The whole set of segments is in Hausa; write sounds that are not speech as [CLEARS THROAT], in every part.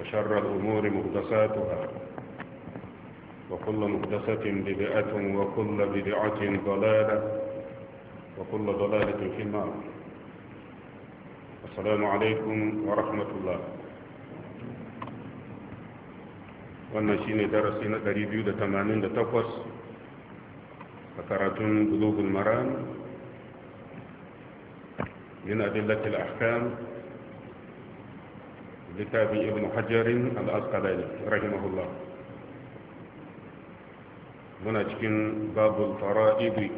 وشر الأمور مهدساتها وكل مهدسة بدعة وكل بدعة ضلالة وكل ضلالة في النار السلام عليكم ورحمة الله ونشين درسنا قريب يودة تمانين لتفس فكرتون قلوب المرام من أدلة الأحكام littafin ibn hajjarin al'askalani rahimahullah muna cikin babul fara'idu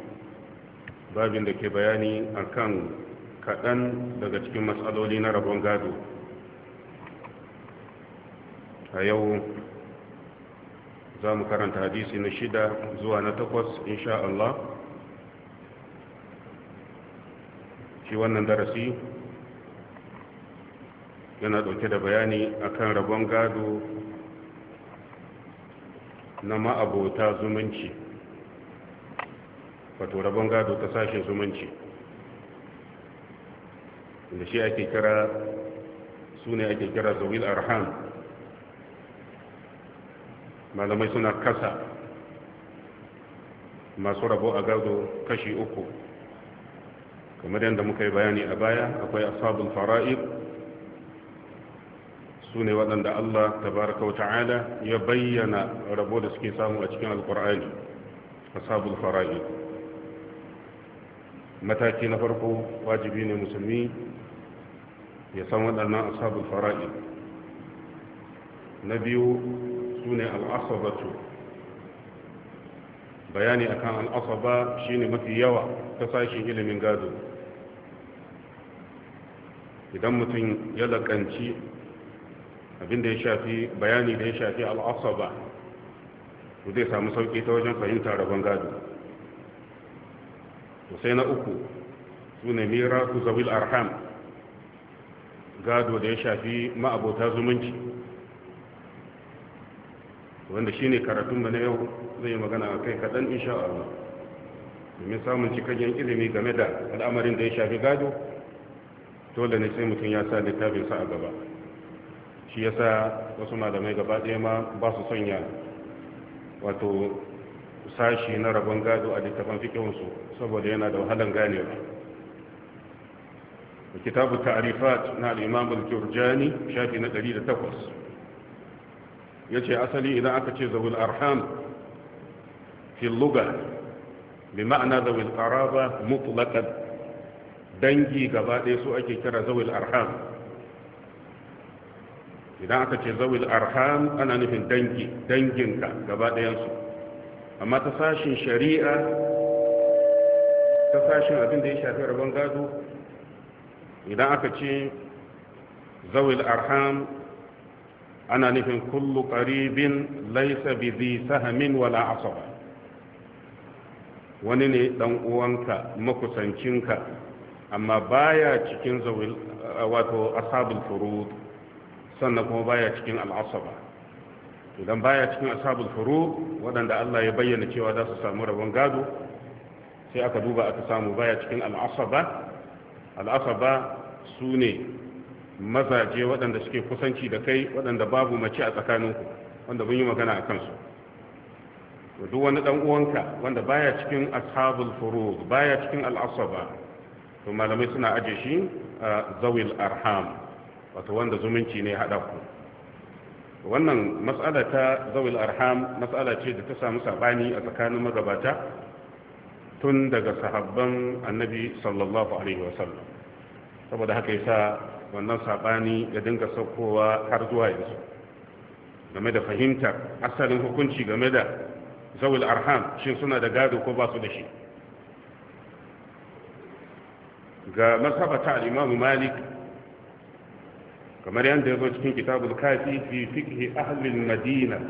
babin da ke bayani akan kaɗan daga cikin matsaloli na rabon gado a yau za mu karanta hadisi na shida zuwa na takwas insha Allah shi wannan darasi yana dauke da bayani akan rabon gado na ma'abota zumunci wato rabon gado ta sashen zumunci da shi ake kira su ne ake kira zawil arham malamai suna kasa masu rabo a gado kashi uku kamar yadda muka yi bayani a baya akwai asabul fara'id su ne waɗanda Allah tabaraka wa ta'ala ya bayyana rabo da suke samu a cikin alkur'ani ashabul fara'id mataki na farko wajibi ne musulmi ya san waɗannan ashabul fara'id na biyu su ne al'asabatu bayani akan al'asaba shine mafi yawa ta sashin ilimin gado idan mutum ya lakanci abin da ya shafi bayani da ya shafi al'asaba su zai samu sauƙi ta wajen fahimta rabon gado to sai na uku su ne mira su zawil arham gado da ya shafi ma'abota zumunci wanda shi ne karatun na yau zai magana a kai kaɗan insha Allah domin samun cikakken ilimi game da al'amarin da ya shafi gado dole ne sai mutum ya sa littafinsa a gaba shi yasa wasu malamai gaba ɗaya ma ba su sanya wato sashi na rabon gado a littafin fikinsu saboda yana da wahalan ganewa kitabu ta'rifat na al-imam al-jurjani shafi na 108 yace asali idan aka ce zawul arham fi lugha bi ma'ana zawul qaraba mutlaqan dangi gaba ɗaya su ake kira zawul arham idan aka ce zawil arham ana nufin dangi danginka gaba ɗayansu amma ta sashin shari'a ta sashin abin da ya shafi rabon gado idan aka ce zawil arham ana nufin kullu ƙaribin laysa bi sahmin wala asaba wani ne dan uwanka makusancinka amma baya cikin zawil wato ashabul furud sannan kuma baya cikin al'asaba idan baya cikin ashabul furu waɗanda Allah ya bayyana cewa za su samu rabon gado sai aka duba aka samu baya cikin al'asaba al'asaba su ne mazaje waɗanda suke kusanci da kai waɗanda babu mace a tsakaninku wanda mun yi magana a kansu duk wani ɗan uwanka wanda baya cikin ashabul furu baya cikin al'asaba to malamai suna aje shi zawil arham wato wanda zumunci ne haɗa ku wannan matsala ta zawil arham matsala ce da ta samu saɓani a tsakanin magabata tun daga sahabban annabi sallallahu alaihi wasallam saboda haka yasa wannan sabani ya dinga saukowa har zuwa yanzu game da fahimtar asalin hukunci game da zawil arham shin suna da gado ko ba su da shi ga mazhabata al-imam malik kamar yadda ya zo cikin kitabul kafi fi fikhi ahli madina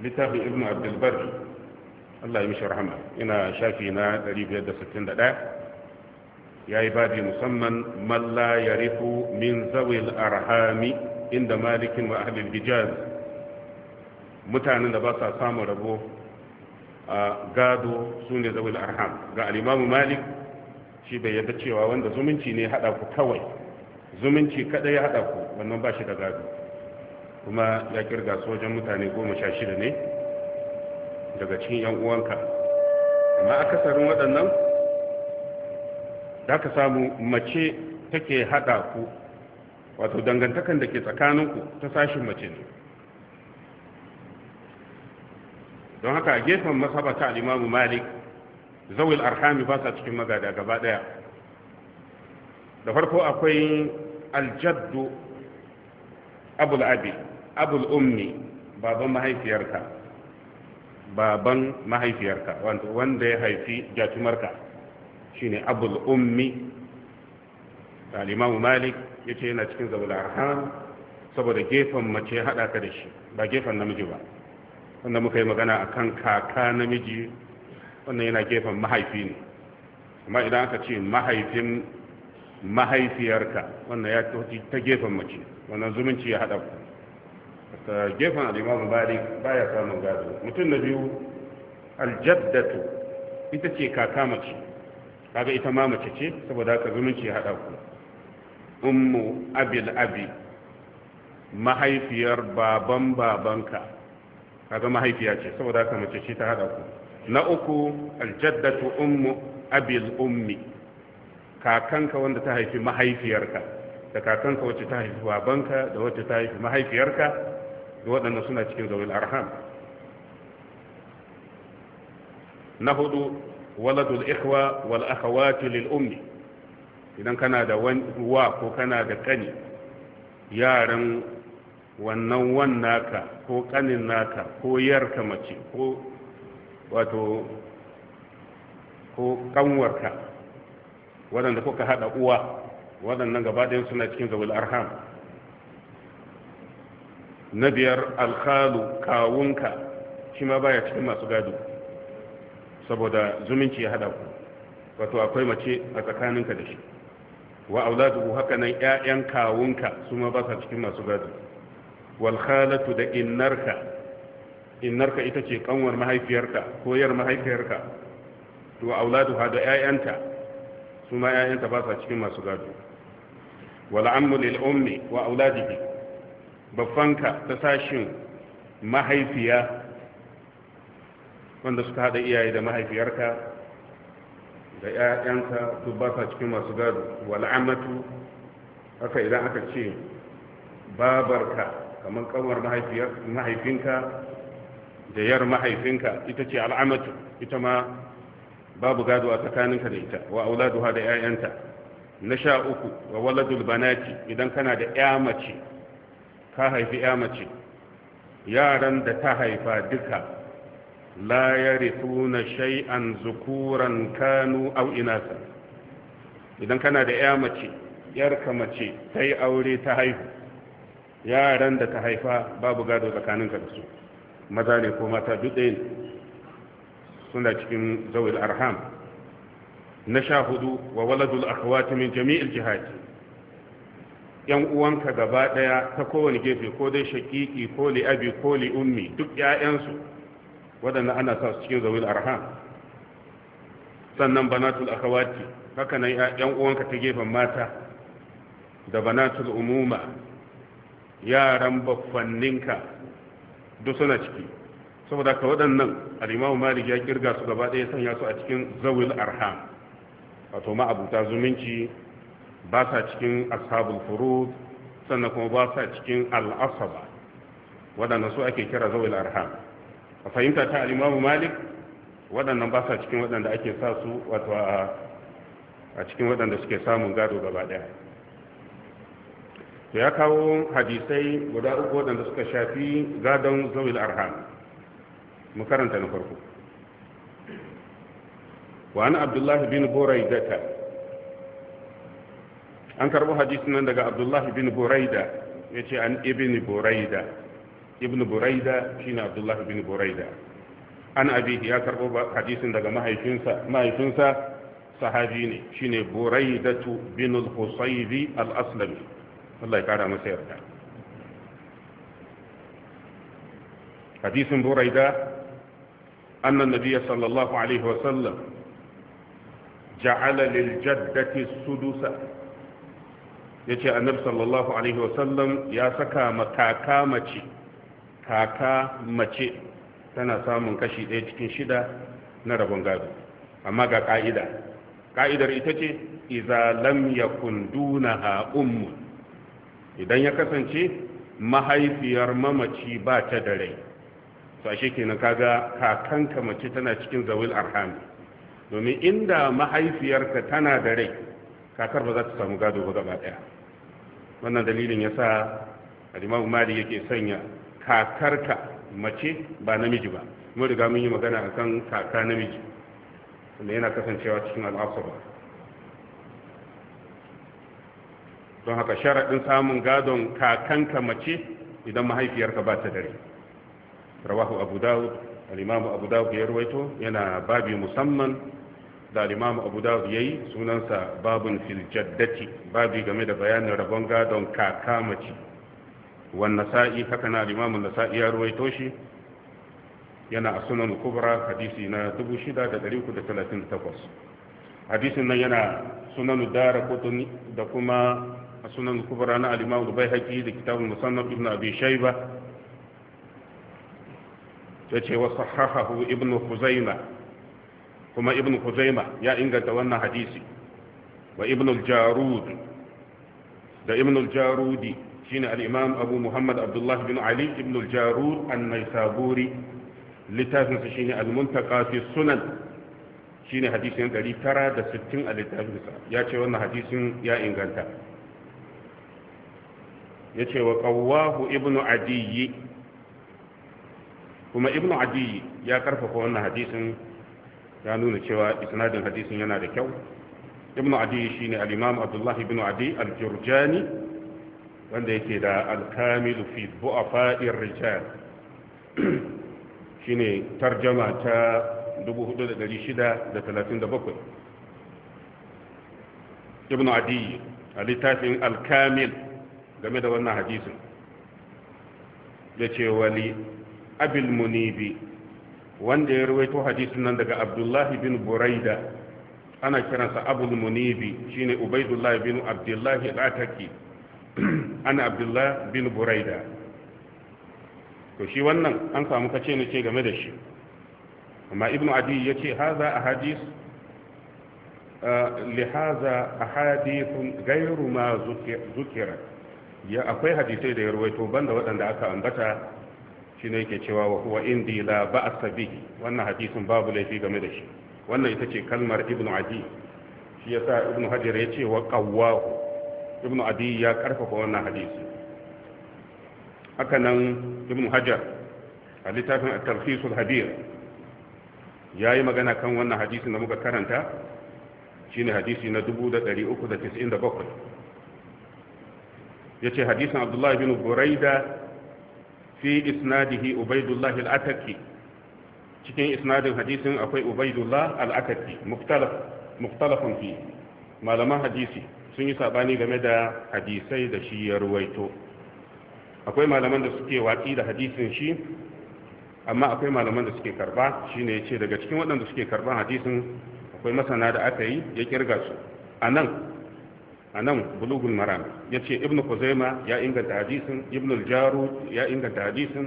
littafin ibn abdul bar Allah ya mishi rahama ina shafi na 561 yayi babi musamman man la yarifu min zawil arhami inda malikin wa ahli hijaz mutanen da ba sa samun rabo a gado su ne zawil arham ga al malik shi bai yadda cewa wanda zumunci ne hada ku kawai zumunci kada ya hada ku wannan ba shi da gado kuma ya kirga su wajen mutane goma sha shida ne daga cikin yan uwanka amma akasarin waɗannan da ka samu mace take haɗa ku wato dangantakan da ke tsakaninku ta sashin mace ne don haka a gefen masabata al'imamu malik zawil arhami ba sa cikin magada gaba ɗaya da farko akwai aljaddu abul abi abul ummi baban mahaifiyarka baban mahaifiyarka wanda ya haifi jatumarka shine abul ummi al malik yace yana cikin zabul arham saboda gefen mace hada ka da shi ba gefen namiji ba wanda muka yi magana akan kaka namiji wannan yana gefen mahaifi ne amma idan aka ce mahaifin mahaifiyarka wannan ya toci ta gefen mace wannan zumunci ya haɗa ku ta gefen al'imamu bari baya samun gado mutum na biyu aljaddatu ita ce kaka mace kaga ita ma mace ce saboda haka zumunci ya haɗa ku ummu abil abi mahaifiyar baban babanka kaga mahaifiya ce saboda haka mace ce ta haɗa ku na uku aljaddatu ummu abil ummi kakanka wanda ta haifi mahaifiyarka da kakanka wacce ta haifi babanka da wacce ta haifi mahaifiyarka da waɗannan suna cikin zawil arham na hudu waladul ikhwa wal akhawati lil ummi idan kana da wa ko kana da kani yaran wannan wan naka ko kanin naka ko yarka mace ko wato ko kanwarka waɗanda kuka haɗa uwa waɗannan gaba ɗaya suna cikin zawul arham na biyar alkhalu kawunka shi ma baya cikin masu gado saboda zumunci ya haɗa ku wato akwai mace a tsakaninka da shi wa auladuhu haka nan ƴaƴan kawunka su ma ba sa cikin masu gado wal khalatu da innarka innarka ita ce kanwar mahaifiyarka ko yar mahaifiyarka to auladuha da ƴaƴanta Suma ma ‘ya'yanta ba sa cikin masu gado wala ammu lil ummi wa auladihi babbanka ta sashin mahaifiya wanda suka hada iyaye da mahaifiyarka da ‘ya'yanka su ba sa cikin masu gado wala amatu haka idan aka ce babarka kamar kamar mahaifinka da yar mahaifinka ita ce al'amatu ita ma babu gado a tsakaninka da ita wa auladuha da 'ya'yanta na sha uku wa waladul banati idan kana da 'ya mace ka haifi 'ya mace yaran da ta haifa duka la yarithuna shay'an zukuran kanu aw inasa idan kana da 'ya mace yarka mace ta aure ta haihu yaran da ta haifa babu gado tsakaninka da su maza ne ko mata duk ɗaya suna cikin zawil arham na sha hudu wa waladul akhwati min jami'il jihati yan uwanka gaba daya ta kowane gefe ko dai shakiki ko li abi ko li ummi duk ƴaƴansu wadanda ana sa su cikin zawil arham sannan banatul akhawati haka nan ƴan uwanka ta gefen mata da banatul umuma yaran baffanninka duk suna ciki saboda ka waɗannan al'imamu malik ya kirga su gaba ɗaya sanya su a cikin zawil arham wato ma'abuta zumunci ba sa cikin ashabul furud sannan kuma ba sa cikin al'asaba waɗannan su ake kira zawil arham a fahimta ta al'imamu malik waɗannan ba sa cikin waɗanda ake sa su wato a cikin waɗanda suke samun gado gaba ɗaya to ya kawo hadisai guda uku waɗanda suka shafi gadon zawil arham mu karanta na farko wa an abdullahi bin buraidata an karbo hadisin nan daga abdullahi bin buraida yace an ibn buraida ibn buraida shine abdullahi bin buraida an abihi ya karbo hadisin daga mahaifinsa sahabi ne shine buraidatu bin al-husaybi al-aslami Allah ya kara masa yarda hadisin buraida أن النبي صلى الله عليه وسلم جعل للجدة السدس يجي النبي صلى الله عليه وسلم يا سكا مكاكا مچي كاكا مچي تنا سامن كشي ɗaya cikin shida na rabon gado amma ga ka'ida ka'idar ita ce iza lam yakun dunaha idan ya kasance mahaifiyar mamaci ba ta da rai to ashe kenan kaga kakanka mace tana cikin zawil arham domin inda mahaifiyarka tana da rai kakar ba za ta samu gado ba gaba daya wannan dalilin yasa al-Imam Malik yake sanya kakarka mace ba namiji ba mun riga mun yi magana akan kaka namiji wanda yana kasancewa cikin al'asaba don haka sharaɗin samun gadon kakanka mace idan mahaifiyarka ba ta dare rawahu abu dawud alimamu abu dawud ya ruwaito yana babi musamman da alimamu imamu abu dawud yi sunansa babin fil babi game da bayanin rabon gadon kaka mace Sa'i, haka na alimamun imamu Sa'i ya ruwaito shi yana a sunan kubra hadisi na 6338 hadisin nan yana sunan dara kotun da kuma sunan kubra na al-imamu bai haƙi da kitabun musannaf ibn abi Shaiba. yace wa sahahahu ibn khuzaima kuma ibn khuzaima ya inganta wannan hadisi wa ibn al-jarud da ibn al-jarudi shine al-imam abu muhammad abdullah bin ali ibn al-jarud an-naisaburi littafin sa shine al-muntaqa fi sunan shine hadisin 960 a littafin sa yace wannan hadisin ya inganta yace wa qawwahu ibn adiyyi kuma ibn adi ya karfafa wannan hadisin ya nuna cewa isnadin hadisin yana da kyau ibn adi shine al-imam abdullah ibn adi al-jurjani wanda yake da al-kamil fi du'afa'i rijal [CLEARS THROAT] shine tarjama ta 4637 ibn adi a littafin al-kamil game da wannan hadisin ya ce wali abil munibi wanda ya rawaito hadisin nan daga abdullahi bin buraida ana kiransa abul munibi shine ubaidullahi bin abdullahi al [CLEARS THROAT] ana abdullahi bin buraida to shi wannan an samu kace ne ce game da shi amma ibnu adi ce, haza a hadis? lihaza a ahadithun gairu ma zukira ya akwai hadisai da ya rawaito banda waɗanda aka ambata ne yake cewa wa huwa indi la ba'sa bihi wannan hadisin babu laifi game da shi wannan ita ce kalmar ibnu adi shi yasa ibnu hajar ya ce wa qawwahu ibnu adi ya karfafa wannan hadisi haka nan ibnu hajar a littafin at-tarhisul hadir yayi magana kan wannan hadisin da muka karanta shine hadisi na 1397 yace hadisin abdullahi bin buraida fi isnadihi ubaidullah al-ataki cikin isnadin hadisin akwai ubaidullah al-ataki muftalafun fi malaman hadisi sun yi sabani game da hadisai da shi ya ruwaito akwai malaman da suke watsi da hadisin shi amma akwai malaman da suke karba shine yace daga cikin waɗanda suke karban hadisin akwai masana da aka yi ya kirga su anan a nan bulugul maram ya ce ibn kuzaima ya inganta hadisin ibn jaru ya inganta hadisin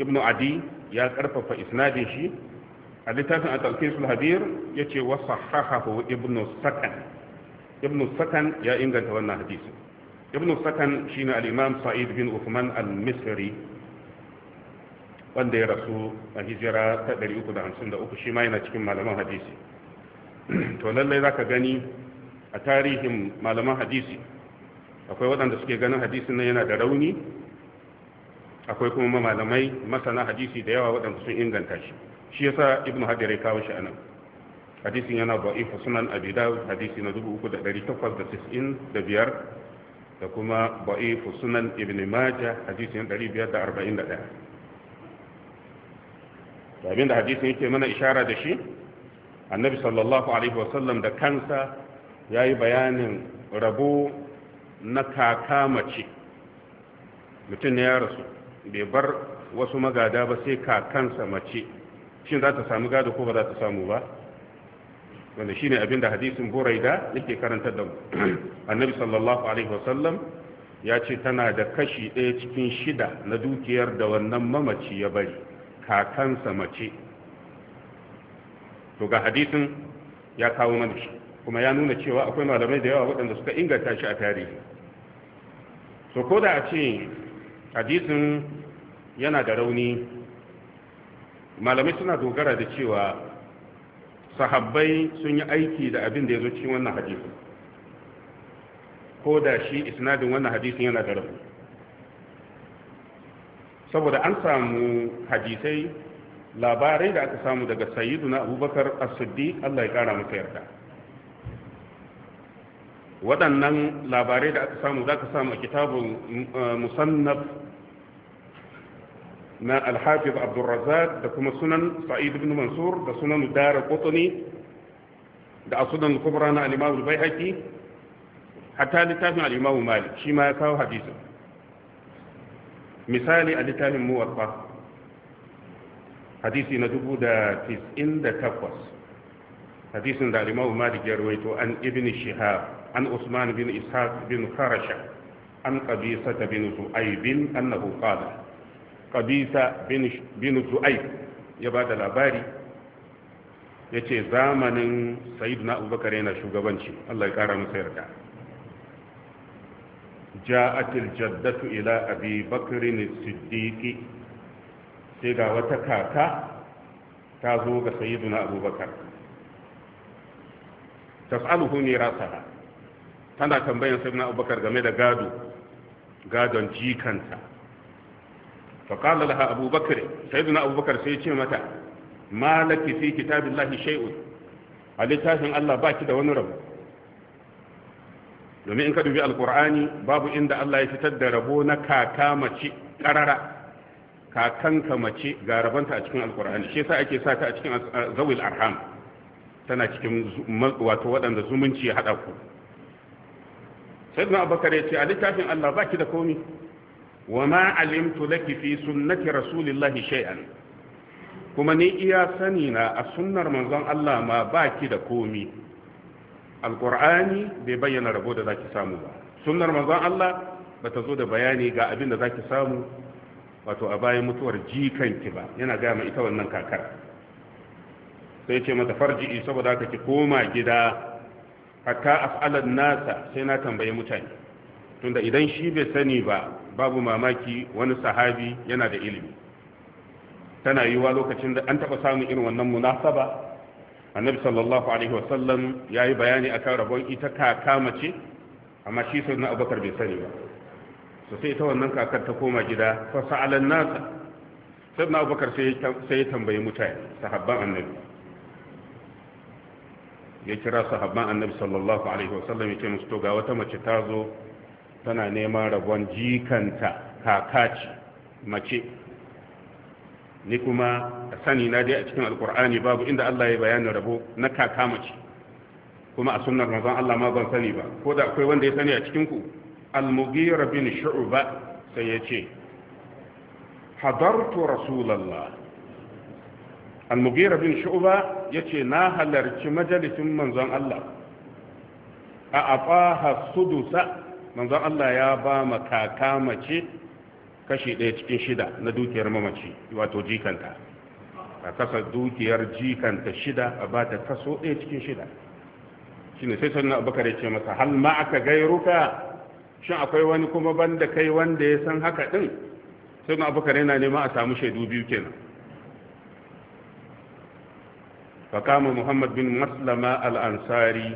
ibn adi ya karfafa isnadin shi a littafin atalkisul habir ya ce wasu hahahu ibn sakan ibn sakan ya inganta wannan hadisin ibn sakan shine al-imam sa'id bin uthman al-misri wanda ya rasu a hijira ta 353 shi ma yana cikin malaman hadisi [CLEARS THROAT] to lallai za ka gani a tarihin malaman hadisi akwai waɗanda suke ganin hadisin nan yana da rauni akwai kuma malamai masana hadisi da yawa waɗanda sun inganta shi shi yasa ibnu hajar ya kawo shi anan hadisin yana da'ifu sunan abi dawud hadisi na 3895 da kuma da'ifu sunan ibn majah hadisi na 541 abin da hadisin yake mana ishara da shi annabi sallallahu alaihi wasallam da kansa ya yi bayanin rabo na kaka mace mutum ne ya rasu bai bar wasu magada ba sai kakansa mace shi za ta samu gado ko ba za ta samu ba wanda shi shine abinda hadisin da yake karanta da annabi sallallahu alaihi wasallam ya ce tana da kashi ɗaya cikin shida na dukiyar da wannan mamaci ya bari kakansa mace to ga hadisin ya kawo mana shi kuma ya nuna cewa akwai malamai da yawa waɗanda suka inganta shi a tarihi so ko da a ce hadisin yana da rauni malamai suna dogara da cewa sahabbai sun yi aiki da abin da ya zo cikin wannan hadisin ko da shi isnadin wannan hadisin yana da rauni saboda an samu hadisai labarai da aka samu daga sayyiduna abubakar as-siddiq Allah ya kara masa yarda waɗannan labarai da aka samu za ka samu a kitabun eh, musannaf na alhafiz abdulrazak da kuma sunan sa'id ibn mansur da sunan dara kotuni da asunan kubra na alimawu bai haƙi hatta littafin alimawu mali shi ma ya kawo hadisin misali a littafin muwafa hadisi na dubu da tis'in da takwas hadisin da alimawu mali ya rawaito an ibn shihab an usman bin ishaq bin farasha an qabisa bin zu'aib annahu qala qabisa bin zu'aib ya ba da labari ya ce zamanin na abubakar yana shugabanci Allah ya kara masa yarda ja'atil jaddatu ila abi bakrin siddiqi sai ga wata kaka ta zo ga na abubakar tas'aluhu mirasaha tana tambayan sai na abubakar game da gado gadon jikanta faƙala laha abubakar sai na abubakar sai ya ce mata malaki fi kitabillahi lahi a littafin allah baki da wani rabu domin in ka dubi alkur'ani babu inda allah ya fitar da rabo na kaka mace ƙarara kakanka mace ga rabanta a cikin alkur'ani shi yasa ake sa ta a cikin zawil arham tana cikin wato waɗanda zumunci ya haɗa ku sayyidina abubakar ya ce a littafin Allah baki da komi wa ma alimtu laki fi sunnati rasulillahi shay'an kuma ni iya sani na a sunnar manzon Allah ma baki da komi alqur'ani bai bayyana rabo da zaki samu ba sunnar manzon Allah bata zo da bayani ga abin da zaki samu wato a bayan mutuwar jikanki ba yana gaya ma ita wannan kakar sai ce mata farji saboda ka ki koma gida hatta af'alan nasa sai na tambaye mutane tunda idan shi bai sani ba babu mamaki wani sahabi yana da ilimi tana yiwa lokacin da an taba samun irin wannan munasaba annabi sallallahu alaihi wasallam yi bayani a kan rabon ita kaka mace amma shi sai na abubakar bai sani ba so sai ita wannan kakar ta koma gida fa sa'alan nasa sai na abubakar sai ya tambayi mutane sahabban annabi ya kira sahabban annabi sallallahu alaihi wasallam ya ce musu to ga wata mace ta zo tana neman rabon jikanta kakaci mace ni kuma sani na dai a cikin alkur'ani babu inda Allah ya bayanin rabo na kaka mace kuma a sunnar manzon Allah ma ban sani ba ko da akwai wanda ya sani a cikin ku al-mughira bin shu'ba sai ya ce hadartu rasulullah al-mughira bin shu'ba ce na halarci majalisin manzon Allah a afaha sudusa manzon Allah ya ba ma kaka mace kashi ɗaya cikin shida na dukiyar mamaci wato jikanta a kasa dukiyar jikanta shida a ba ta kaso ɗaya cikin shida shine sai sannan abubakar ya ce masa hal ma aka gairuka shin akwai wani kuma banda kai wanda ya san haka din sannan abubakar yana nema a samu shaidu biyu kenan faƙama muhammad bin maslama al'ansari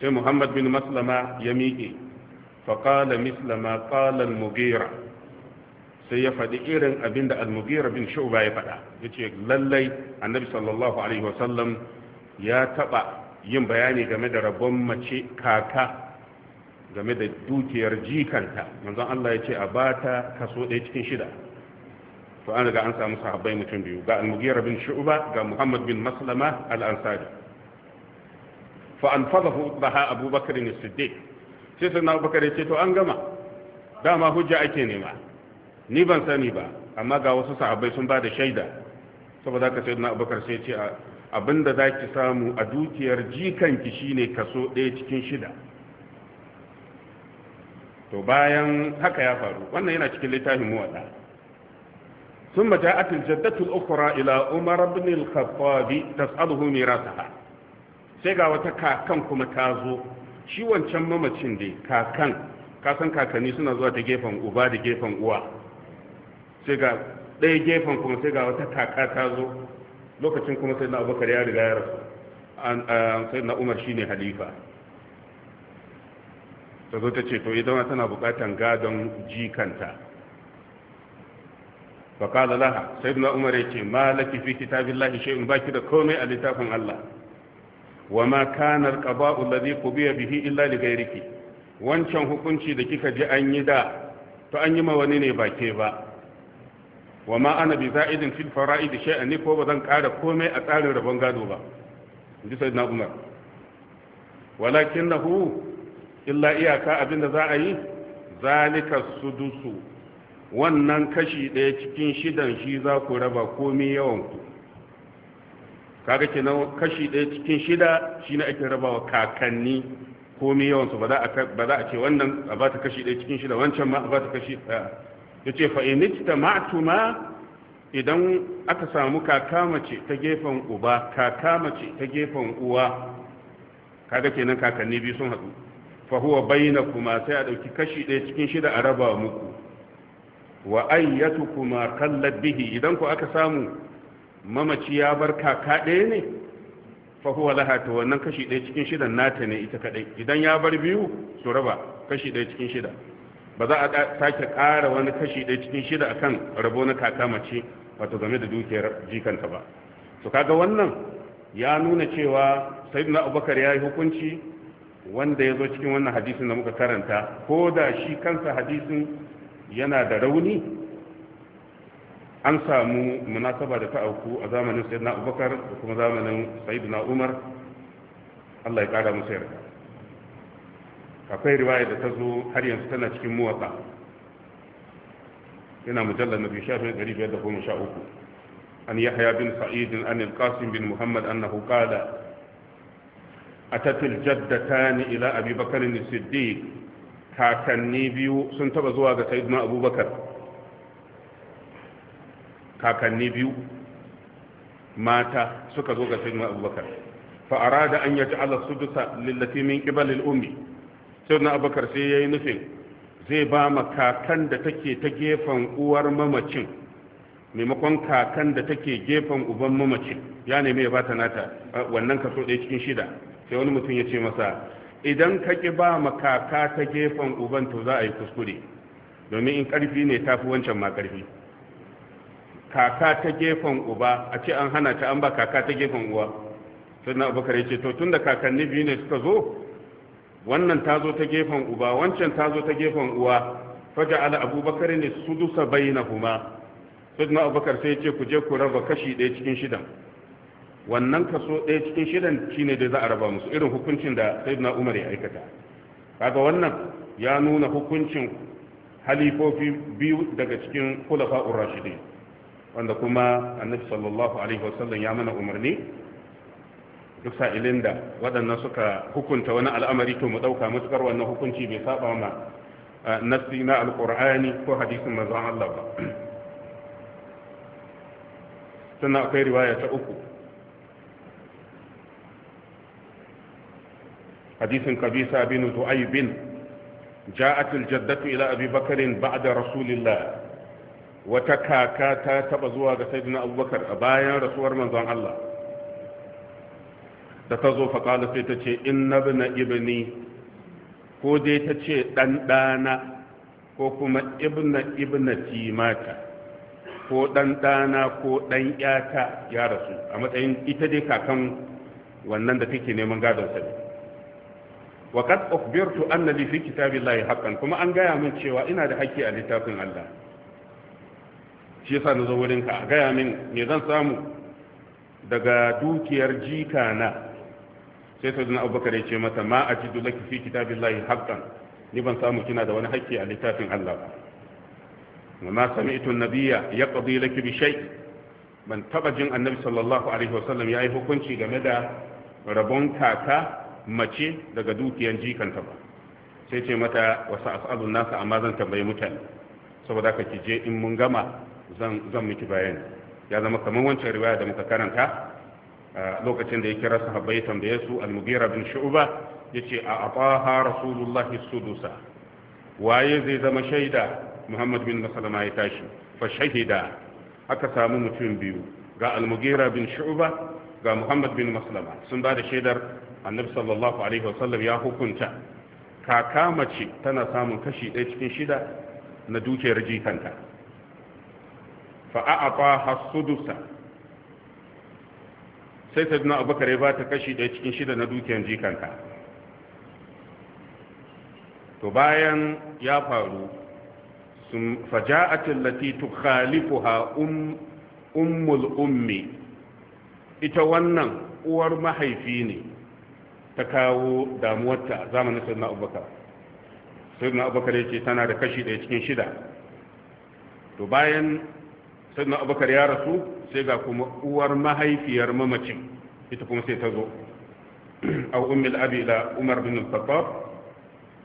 sai muhammad bin maslama ya miƙe faƙala mislama ƙalan mugera sai ya faɗi irin abinda da al-mugera bin shuba ya faɗa ya ce lallai annabi sallallahu alaihi wasallam ya taɓa yin bayani game da rabon mace kaka game da dukiyar jikanta manzon Allah ya ce a bata kaso ɗaya cikin shida to an ga an samu sahabbai mutum biyu ga al-mughira bin shu'ba ga muhammad bin maslama al-ansari fa anfadahu laha abubakar bin siddiq sai sai na abubakar ce to an gama dama hujja ake nema ni ban sani ba amma ga wasu sahabbai sun ba da shaida saboda haka sai na abubakar sai ce abinda zaki samu a dukiyar jikanki shine kaso ɗaya cikin shida to bayan haka ya faru wannan yana cikin littafin muwaɗa ثم جاءت الجدة الأخرى إلى عمر بن الخطاب تسأله ميراثها سيغا وتكا كان كما تازو شي wancan mamacin dai kakan kasan kakanni suna zuwa da gefen uwa sai ga ɗaya gefen kuma sai ga wata kaka ta zo lokacin kuma sai na abubakar ya riga ya rasu sai na umar shine halifa ta zo ta ce to idan tana bukatan gadon jikanta fa qala ya ce, umar yace malaki fi kitabillahi shay'un baki da komai a littafin Allah wa ma kana alqaba'u alladhi qubiya bihi illa li wancan hukunci da kika ji an yi da to an yi ma wani ne ba ke ba wa ma ana bi za'idin fil fara'id shay'an ni ko ba zan kara komai a tsarin rabon gado ba inji sayyidina umar walakinahu illa iyaka abinda za a yi zalika sudusu wannan kashi ɗaya cikin shidan shi za ku raba komi yawanku kaga nan kashi ɗaya cikin shida shi ne ake rabawa kakanni komi yawansu ba za a ce wannan a ba ta kashi ɗaya cikin shida wancan ma a ba ta kashi ɗaya ya ce fa'inista ma'atuma idan aka samu kaka mace ta gefen uba kaka mace ta gefen uwa kaga kenan kakanni biyu sun haɗu fa huwa bayyana kuma sai a ɗauki kashi ɗaya cikin shida a raba muku wa ayyatukum kallat bihi idan ku aka samu mamaci ya bar kaka ɗaya ne fa huwa laha to wannan kashi ɗaya cikin shida nata ne ita kadai idan ya bar biyu su raba kashi ɗaya cikin shida ba za a sake ƙara wani kashi ɗaya cikin shida akan rabo na kaka mace wato game da dukiyar jikanta ba to kaga wannan ya nuna cewa sayyidina abubakar ya yi hukunci wanda ya zo cikin wannan hadisin da muka karanta ko da shi kansa hadisin yana da rauni an samu munasaba da ta auku a zamanin sayyidina abubakar da kuma zamanin sayyidina umar allah ya kara musu yarda akwai riwaya da ta zo har yanzu tana cikin muwatsa yana mujallar na biyu shafin ɗari biyar da goma sha uku an yi haya bin sa'idin an ilkasin bin muhammad annahu qala atatil jaddatani ila abi bakarin siddiq kakanni biyu sun taba zuwa ga sayyidina abubakar kakanni biyu mata suka zo ga sayyidina abubakar fa arada an yaj'ala sudusa lillati min qibal al-ummi sayyidina abubakar sai yayi nufin zai ba ma kakan da take ta gefen uwar mamacin maimakon kakan da take gefen uban mamacin ya nemi ya bata nata wannan kaso ɗaya cikin shida sai wani mutum ya ce masa idan ka ƙi ba ma kaka ta gefen uban to za a yi kuskure domin in ƙarfi ne ta fi wancan ma ƙarfi kaka ta gefen uba a ce an hana ta an ba kaka ta gefen uwa na abubakar ya ce to tun da kakanni biyu ne suka zo wannan ta zo ta gefen uba wancan ta zo ta gefen uwa faja ala abubakar ne su dusa bai na kuma na abubakar sai ya ce ku je ku raba kashi ɗaya cikin shidan wannan kaso ɗaya cikin shidan shine da za a raba musu irin hukuncin da sayyidina umar ya aikata kaga wannan ya nuna hukuncin halifofi biyu daga cikin khulafa'ur rashidin wanda kuma annabi sallallahu alaihi wasallam ya mana umarni duk sa'ilin da waɗannan suka hukunta wani al'amari to mu ɗauka matuƙar wannan hukunci bai saba ma nasi na alƙur'ani ko hadisin manzon Allah ba sannan akwai riwaya ta uku hadisin kabisa bin du'aybin ja'at aljaddatu ila abi ba'a da rasulillah wata kaka ta taɓa zuwa ga sayyidina abubakar a bayan rasuwar manzon Allah da ta zo faƙala sai ta ce inna bina ibni ko dai ta ce ɗan ɗana ko kuma ibna ibnati mata ko ɗan ɗana ko ɗan ƴata ya rasu a matsayin ita dai kakan wannan da take neman gadon sa Wakat kad ukhbirtu anna li fi kitabillahi haqqan kuma an gaya min cewa ina da hakki a littafin Allah shi yasa na zo ka a gaya min me zan samu daga dukiyar jika na sai sayyidina abubakar ya ce mata ma ajidu laki fi kitabillahi haqqan ni ban samu kina da wani hakki a littafin Allah ba وما سمعت النبي يقضي لك بشيء ban taba jin annabi sallallahu ya yi hukunci game da rabon kaka mace daga dukiyar jikanta ba sai ce mata wasu as'alun nasa amma zan tambayi mutane saboda ka ki je in mun gama zan zan miki bayani ya zama kamar wancan riwaya da muka karanta lokacin da ya kira sahabbai tambaye su al-mughira bin shu'ba yace a rasulullah rasulullahi sudusa waye zai zama shaida muhammad bin sallama ya tashi fa shahida aka samu mutum biyu ga al bin shu'ba ga muhammad bin maslama sun ba da shaidar annabi sallallahu alaihi wasallam ya hukunta kaka mace tana samun kashi ɗaya cikin shida na dukiyar jikanta fa'a'afa hasudusa sai ta duna abubakar ya ba ta kashi ɗaya cikin shida na dukiyar jikanta to bayan ya faru sun fa'ja a faja'atin latitu ha um, ummul ummi ita wannan uwar mahaifi ne ta kawo damuwarta a zamanin sayyidina abubakar sayyidina abubakar ya ce tana da kashi ɗaya cikin shida to bayan sayyidina abubakar ya rasu sai ga kuma uwar mahaifiyar mamacin ita kuma sai ta zo A [CLEARS THROAT] ummil abi ila umar bin al-khattab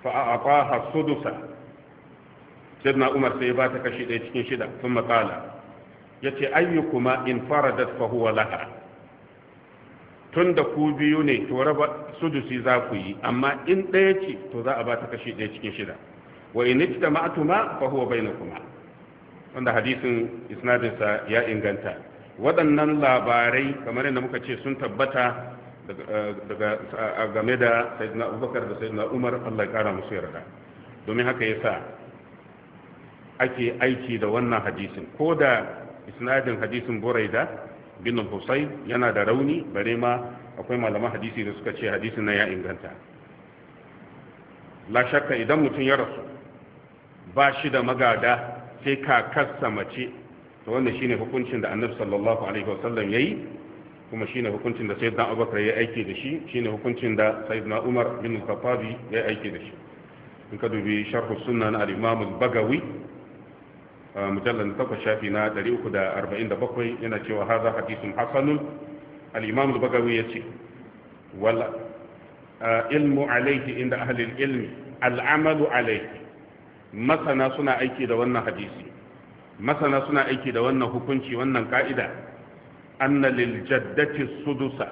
fa a'ataha sudusa sayyidina umar sai ba ta kashi ɗaya cikin shida sun matsala ya ce ayyukuma in faradat fa huwa laha tun da ku biyu ne to raba sudusi za ku yi amma in ɗaya ce to za a ba ta kashi ɗaya cikin shida wa in ita ma'atuma fa huwa kuma. wanda hadisin isnadinsa ya inganta waɗannan labarai kamar yadda muka ce sun tabbata daga game da sayyidina abubakar da sayyidina umar allah ya kara musu yarda domin haka yasa ake aiki da wannan hadisin ko da isnadin hadisin buraida bin husayn yana da rauni bare ma akwai malaman hadisi da suka ce hadisin na ya inganta la shakka idan mutum ya rasu ba shi da magada sai kakarsa mace to wannan shine hukuncin da annabi sallallahu alaihi wasallam yayi kuma shine hukuncin da sayyidina abubakar ya aiki da shi shine hukuncin da sayyidina umar bin khattabi ya aiki da shi in ka dubi sharh sunan na al-imam al-bagawi mujallar takwas shafi na 347 yana cewa haza hadisun hasanun al'imam bagawi ya ce wala ilmu alaihi inda ahalil ilmi al'amalu alaihi masana suna aiki da wannan hadisi masana suna aiki da wannan hukunci wannan ka'ida anna lil jaddati sudusa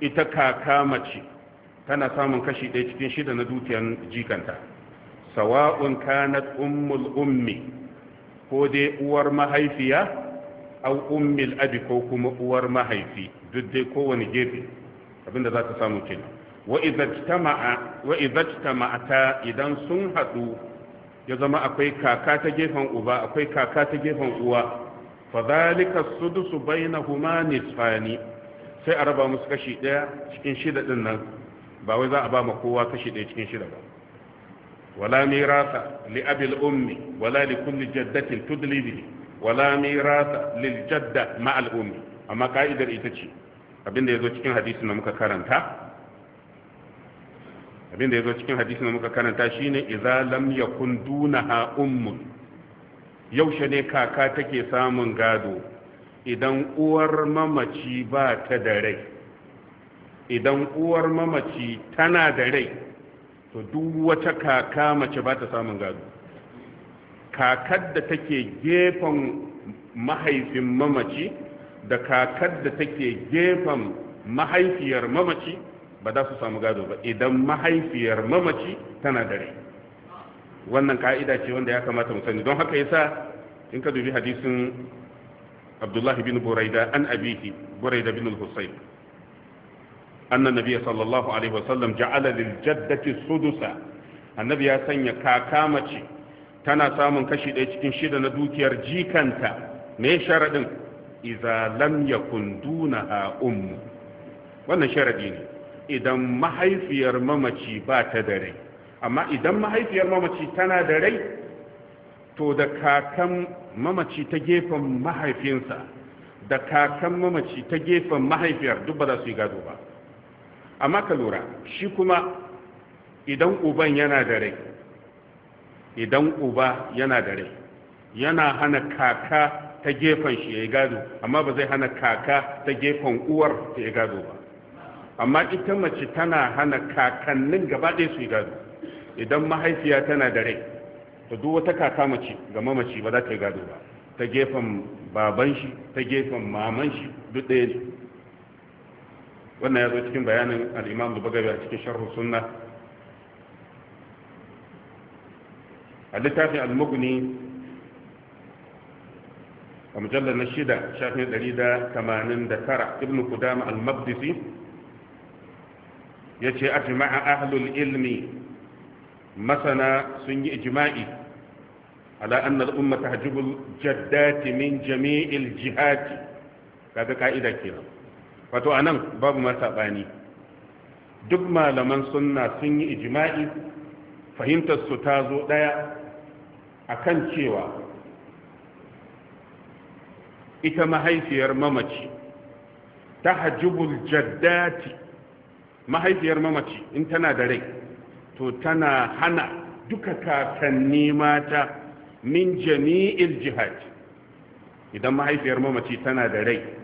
ita kaka mace tana samun kashi ɗaya cikin shida na dukiyar jikanta sawa'un kanat ummul ummi ko dai uwar mahaifiya au ummil abi ko kuma uwar mahaifi duk dai kowane gefe abinda za ta samu kenan wa idajtama'a ta idan sun haɗu ya zama akwai kaka ta gefen uba akwai kaka ta gefen uwa fa zalika sudusu bainahuma nisfani sai a raba musu kashi ɗaya cikin shida din nan ba wai za a ba ma kowa kashi daya cikin shida ba wala mirasa li abil ummi wala li kulli jaddatin tudli wala mirasa lil jadda ma al amma ka'idar ita ce abinda yazo cikin hadisin muka karanta abinda yazo cikin hadisin muka karanta shine idza lam yakun dunaha yaushe ne kaka take samun gado idan uwar mamaci ba ta da rai idan uwar mamaci tana da rai to duk wata kaka mace ba ta samun gado kakar da take gefen mahaifin mamaci da kakar da take gefen mahaifiyar mamaci ba za su samu gado ba idan mahaifiyar mamaci tana dare wannan ka'ida ce wanda ya kamata mu sani don haka yasa in ka dubi hadisin abdullahi bin buraida an abihi buraida bin al-husayn annan nabi sallallahu alaihi wasallam ja'ala lil jaddati sudusa annabi ya sanya kaka mace tana samun kashi ɗaya cikin shida na dukiyar jikanta me sharadin idza lam yakun dunaha ummu wannan sharaɗi ne idan mahaifiyar mamaci ba ta da rai amma idan mahaifiyar mamaci tana da rai to da kakan mamaci ta gefen mahaifinsa da kakan mamaci ta gefen mahaifiyar duk ba za su yi gado ba amma ka lura shi kuma idan uban yana da rai idan uba yana da rai yana hana kaka ta gefen shi ya yi gado amma ba zai hana kaka ta gefen uwar ta yi gado ba amma ita mace tana hana kakannin gaba ɗaya su yi gado idan mahaifiya tana da rai ta duk wata kaka mace ga mamaci ba za ta yi gado ba ta gefen baban shi ta gefen maman shi duk ɗaya ne wannan ya zo cikin bayanin al'imam lubagabi a cikin sharhu sunna a littafin al-mughni a mujallar na shida shafin 189 ibn kudama al-mabdisi ya ce a jima'a ahlul ilmi masana sun yi ijima'i ala annal ta hajjubul jaddati min jami'il jihati kaga ka'ida kenan wato anan babu masabani duk malaman sunna sun yi ijima'i fahimtar su ta zo A akan cewa ita mahaifiyar mamaci ta hajjubul jaddati mahaifiyar mamaci in tana da rai to tana hana duka kakanni mata min jami'il jihad idan mahaifiyar mamaci tana da rai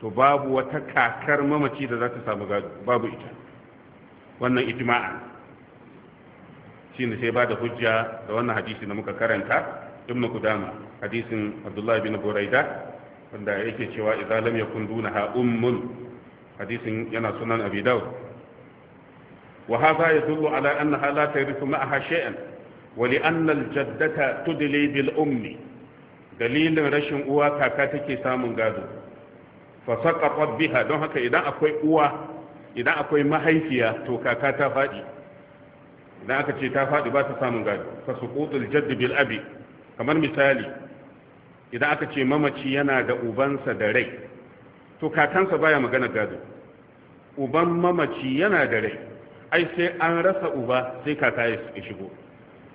to babu wata kakar mamaci da za ta samu gado babu ita wannan ijma'a shi ne sai ba da hujja da wannan hadisi da muka karanta ibnu kudama hadisin abdullah bin buraida wanda yake cewa idza lam yakun dunaha ummun hadisin yana sunan abi daud wa hadha yadullu ala annaha la tarithu ma'aha shay'an wa li anna al-jaddata tudli bil ummi dalilin rashin uwa kaka take samun gado fasaqata biha don haka idan akwai uwa idan akwai mahaifiya to kaka ta fadi idan aka ce ta fadi ba ta samun gado fa suqutul jadd bil abi kamar misali idan aka ce mamaci yana da ubansa da rai to kakansa baya magana gado uban mamaci yana da rai ai sai an rasa uba sai kaka ya shigo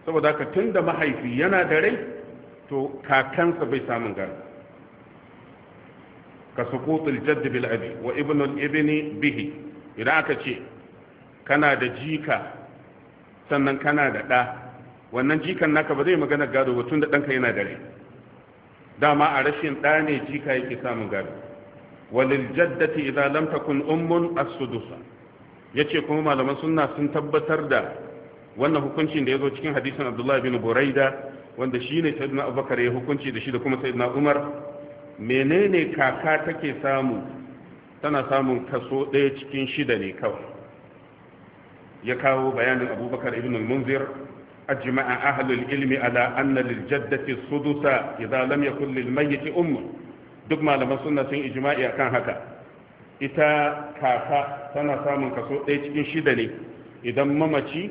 saboda haka tunda mahaifi yana da rai to kakansa bai samun gado ka suqutul jadd bil abi wa ibnul ibni bihi idan aka ce kana da jika sannan kana da ɗa wannan jikan naka ba zai magana gado ba tun da ɗanka yana da rai dama a rashin ɗa ne jika yake samun gado walil jaddati idza lam takun ummun as-sudusa yace kuma malaman sunna sun tabbatar da wannan hukuncin da yazo cikin hadisin Abdullah bin Buraida wanda shine sayyidina Abubakar ya hukunci da shi da kuma sayyidina Umar menene kaka take samu tana samun kaso ɗaya cikin shida ne kawai ya kawo bayanin abubakar ibn munzir ilmi ala anna lil jaddati sudusa idza lam yakul lil mayyit Ummu. duk malaman suna sun ijma'i akan haka ita kaka tana samun kaso ɗaya cikin shida ne idan mamaci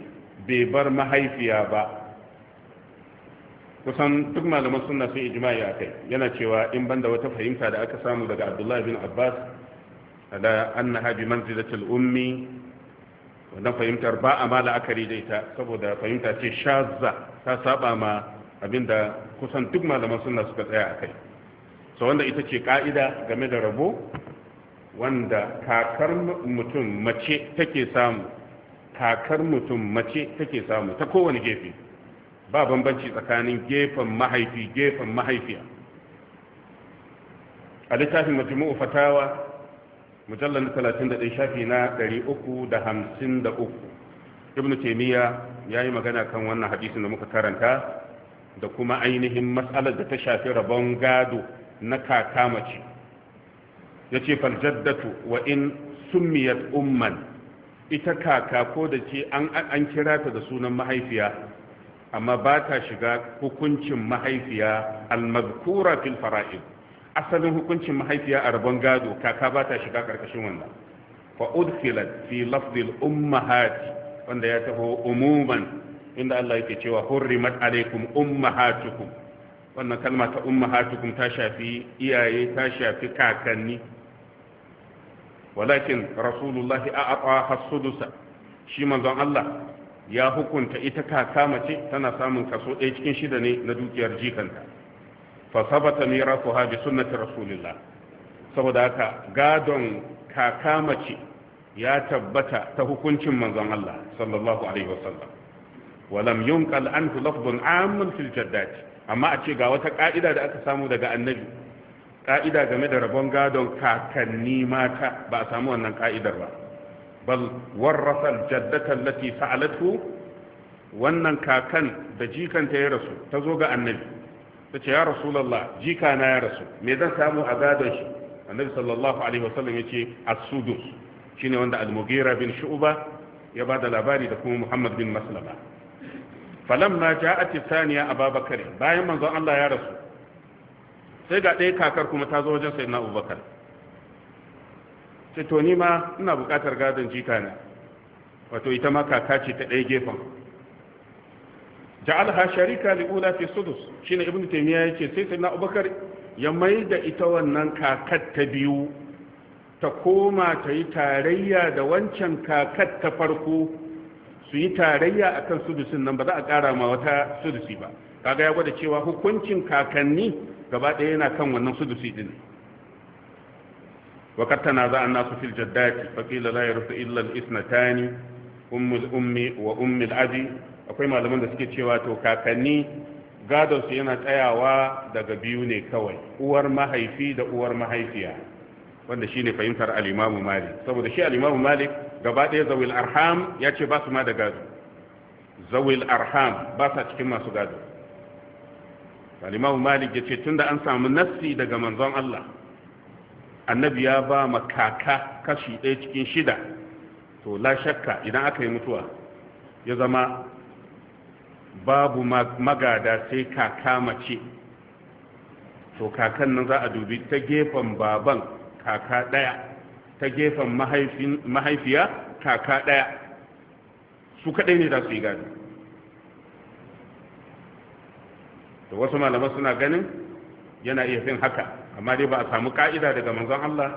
bai bar mahaifiya ba kusan duk malaman sunna sun ijma'i a kai yana cewa in banda wata fahimta da aka samu daga abdullahi bin abbas da annaha bi manzilatil ummi wannan fahimtar ba a ma la'akari da ita saboda fahimta ce shazza ta saba ma abinda kusan duk malaman sunna suka tsaya a kai so wanda ita ce ka'ida game da rabo wanda kakar mutum mace take samu kakar mutum mace take samu ta kowane gefe ba bambanci tsakanin gefen mahaifi gefen mahaifiya a littafin majmu'u fatawa mujallar 31 shafi na 353 ibn taymiya yayi magana kan wannan hadisin da muka karanta da kuma ainihin matsalar da ta shafi rabon gado na kaka mace yace fal jaddatu wa in summiyat umman ita kaka ko da ce an kira ta da sunan mahaifiya amma ba ta shiga hukuncin mahaifiya almazkura fil fara'id asalin hukuncin mahaifiya a rabon gado kaka ba ta shiga karkashin wannan fa udkhilat fi lafdil ummahati wanda ya taho umuman inda Allah yake cewa hurrimat alaikum ummahatukum wannan kalma ta ummahatukum ta shafi iyaye ta shafi kakanni walakin rasulullahi a'ata hasudusa shi manzon Allah ya hukunta ita kaka mace tana samun kaso ɗaya cikin shida ne na dukiyar jikanta fa sabata mirasuha bi sunnati rasulillah saboda haka gadon kaka mace ya tabbata ta hukuncin manzon Allah sallallahu alaihi wasallam walam yunqal anhu lafdun amman fil jaddati amma a ce ga wata ka'ida da aka samu daga annabi ka'ida game da rabon gadon kakanni mata ba a samu wannan ka'idar ba bal warrasa aljaddata Lati fa'alatu wannan kakan da jikanta ya rasu ta zo ga annabi ta ce ya rasulullah jika na ya rasu me zan samu a gadon shi annabi sallallahu alaihi wasallam yace as-sudus shine wanda al-mughira bin shu'ba ya ba da labari da kuma muhammad bin maslama falamma ja'at thaniya ababakar bayan manzon Allah ya rasu sai ga ɗaya kakar kuma ta zo wajen sayyidina abubakar ce to ni ma ina buƙatar gadon jika na wato ita ma kaka ce ta ɗaya gefen ja'alha sharika li'ula fi sudus shine ibnu taymiya yace sai sayyidina abubakar ya mai da ita wannan kakar ta biyu ta koma ta yi tarayya da wancan kakar ta farko su yi tarayya akan sudusin nan ba za a kara ma wata sudusi ba kaga ya gwada cewa hukuncin kakanni gaba ɗaya yana kan wannan sudusi din وقد تنازع الناس في الجدات فقيل لا يرث إلا الاثنتان أم الأم وأم الأبي akwai malaman da suke cewa to kakanni gadonsu yana tsayawa daga biyu ne kawai uwar mahaifi da uwar mahaifiya wanda shine fahimtar al-Imam Malik saboda shi al-Imam Malik gaba ɗaya zawil arham ya ce ba su ma da gado zawil arham ba sa cikin masu gado al-Imam Malik ya ce tunda an samu nassi daga manzon Allah annabi ya ba ma kaka kashi ɗaya cikin shida to la shakka idan aka yi mutuwa ya zama babu magada sai kaka mace to kakan nan za a dubi ta gefen baban kaka ɗaya ta gefen mahaifiya kaka ɗaya su kaɗai ne za su yi gani da wasu malamai suna ganin yana iya fin haka amma dai ba a samu ka'ida daga manzon Allah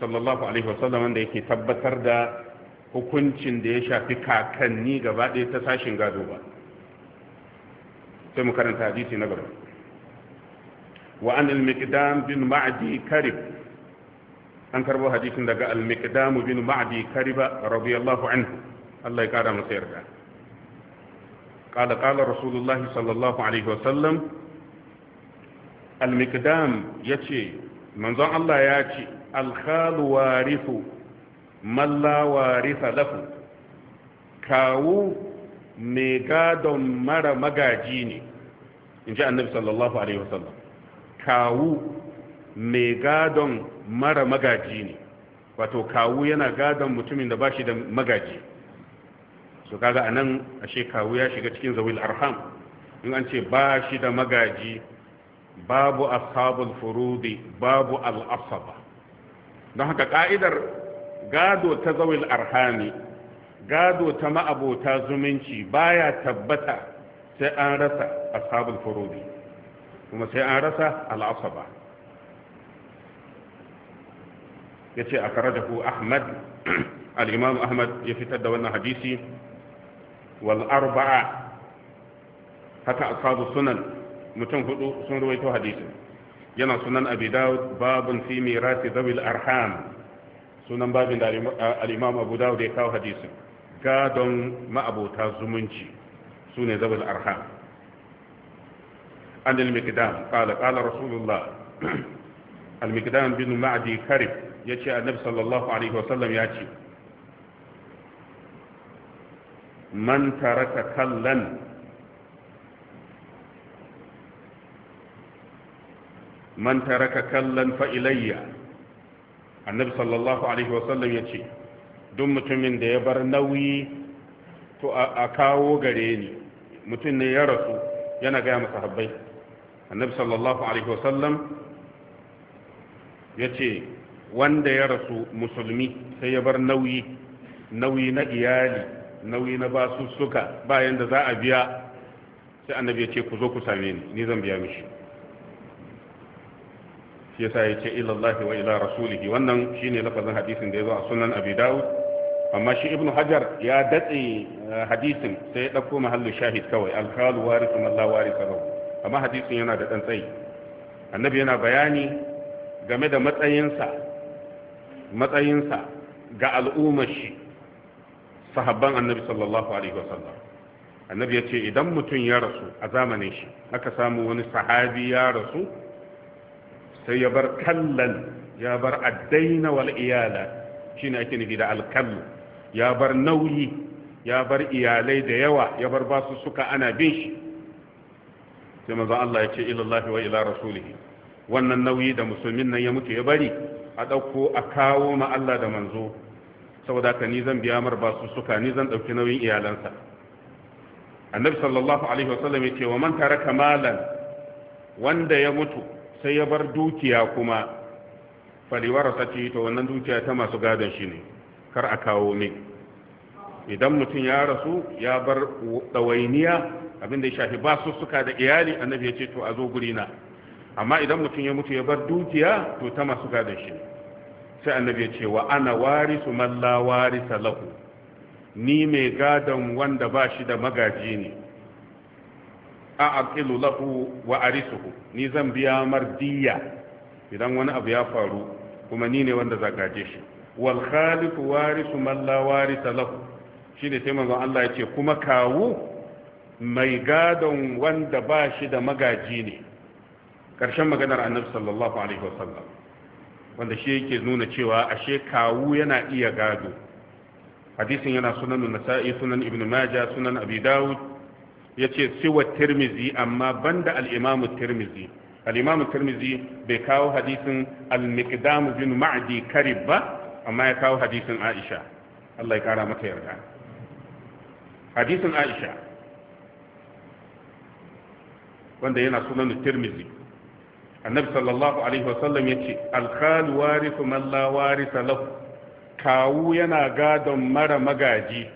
sallallahu alaihi wasallam wanda yake tabbatar da hukuncin da ya shafi kakanni gaba ɗaya ta sashin gado ba sai mu karanta hadisi na gaba wa an al-miqdam bin ma'di karib an karbo hadisin daga al-miqdam bin ma'di kariba radiyallahu anhu Allah ya kara masa yarda قال قال رسول الله صلى الله عليه وسلم al ya ce manzon Allah ya ce al-khalu warithu man la waritha kawu mai gadon mara magaji ne in ji annabi sallallahu alaihi wasallam kawu mai gadon mara magaji ne wato kawu yana gadon mutumin da ba shi da magaji su kaga anan ashe kawu ya shiga cikin zawil arham in an ce ba shi da magaji babu ashabul furudi babu al'asaba don haka ka'idar gado ta zawil arhani gado ta ma'abota zumunci baya tabbata sai an rasa ashabul furudi kuma sai an rasa al'asaba ya ce a karajahu ahmad [CLEARS THROAT] al'imam ahmad ya fitar da wannan hadisi wal arba'a haka ashabu sunan mutum hudu sun ruwaito hadisin yana sunan abi dawud babun fi mirasi zawil arham sunan babin da al-imam abu dawud ya kawo hadisin gadon ma'abota zumunci sune zawil arham عن المقدام قال قال رسول الله المقدام بن معدي كرب يتي النبي صلى الله عليه وسلم يأتي man taraka kallan man taraka kallan fa ilayya annabi sallallahu alaihi wasallam ya ce duk mutumin da ya bar nauyi to a kawo gare ni mutum ne ya rasu yana gaya masa habbai annabi sallallahu alaihi wasallam ya ce wanda ya rasu musulmi sai ya bar nauyi nauyi na iyali nauyi na basussuka bayan da za a biya sai annabi ya ce ku zo ku same ni ni zan biya mishi shi yasa ya ce ilallahi wa ila rasulihi wannan shine lafazin hadisin da ya zo a sunan abi dawud amma shi ibnu hajar ya datse eh, hadisin sai ya dauko mahallu shahid kawai alkalu warisu mallah warisa lahu amma hadisin yana da dan tsayi annabi yana bayani game da matsayinsa matsayinsa ga al'ummar shi sahabban annabi sallallahu alaihi wasallam annabi ya ce idan mutum ya rasu a zamanin shi aka samu wani sahabi ya rasu sai ya bar kallan ya bar addaina wal iyala shine ake nufi da alkallu ya bar nauyi ya bar iyalai da yawa ya bar basu suka ana bin shi sai manzon Allah ya ce ilallahi wa ila rasulihi wannan nauyi da musulmin nan ya mutu ya bari a dauko a kawo ma Allah da manzo saboda ka ni zan biya mar basu suka ni zan dauki nauyin iyalansa annabi sallallahu alaihi wasallam ya ce wa man taraka malan wanda ya mutu sai ya bar dukiya kuma faliwar sace to wannan dukiya ta masu gadon shi ne kar a kawo min idan mutum ya rasu ya bar ɗawainiya abinda ya shafi ba su suka da iyali annabi ya ce to a zo gurina amma idan mutum ya mutu ya bar dukiya to ta masu gadon shi ne, sai annabi ya ce wa ana wari su la warisa ni mai gadon wanda ba shi da magaji ne a aqilu lahu wa arisuhu ni zan biya mardiya idan wani abu ya faru kuma ni ne wanda za gaje shi wal khaliqu warisu man la warisa lahu shine sai manzon Allah ya ce kuma kawu mai gadon wanda ba shi da magaji ne karshen maganar annabi sallallahu alaihi wasallam wanda shi yake nuna cewa ashe kawu yana iya gado hadisin yana sunan nasa'i sunan ibnu majah sunan abi dawud ya ce siwa tirmizi amma banda al'imamu tirmizi al'imamu tirmizi bai kawo hadisin al-miqdamu bin ma'adi karib ba amma ya kawo hadisin aisha Allah ya kara mata yarda hadisin aisha wanda yana sunan tirmizi annabi sallallahu alaihi wasallam ya ce alkhal warisu man la warisa lahu kawu yana gadon mara magaji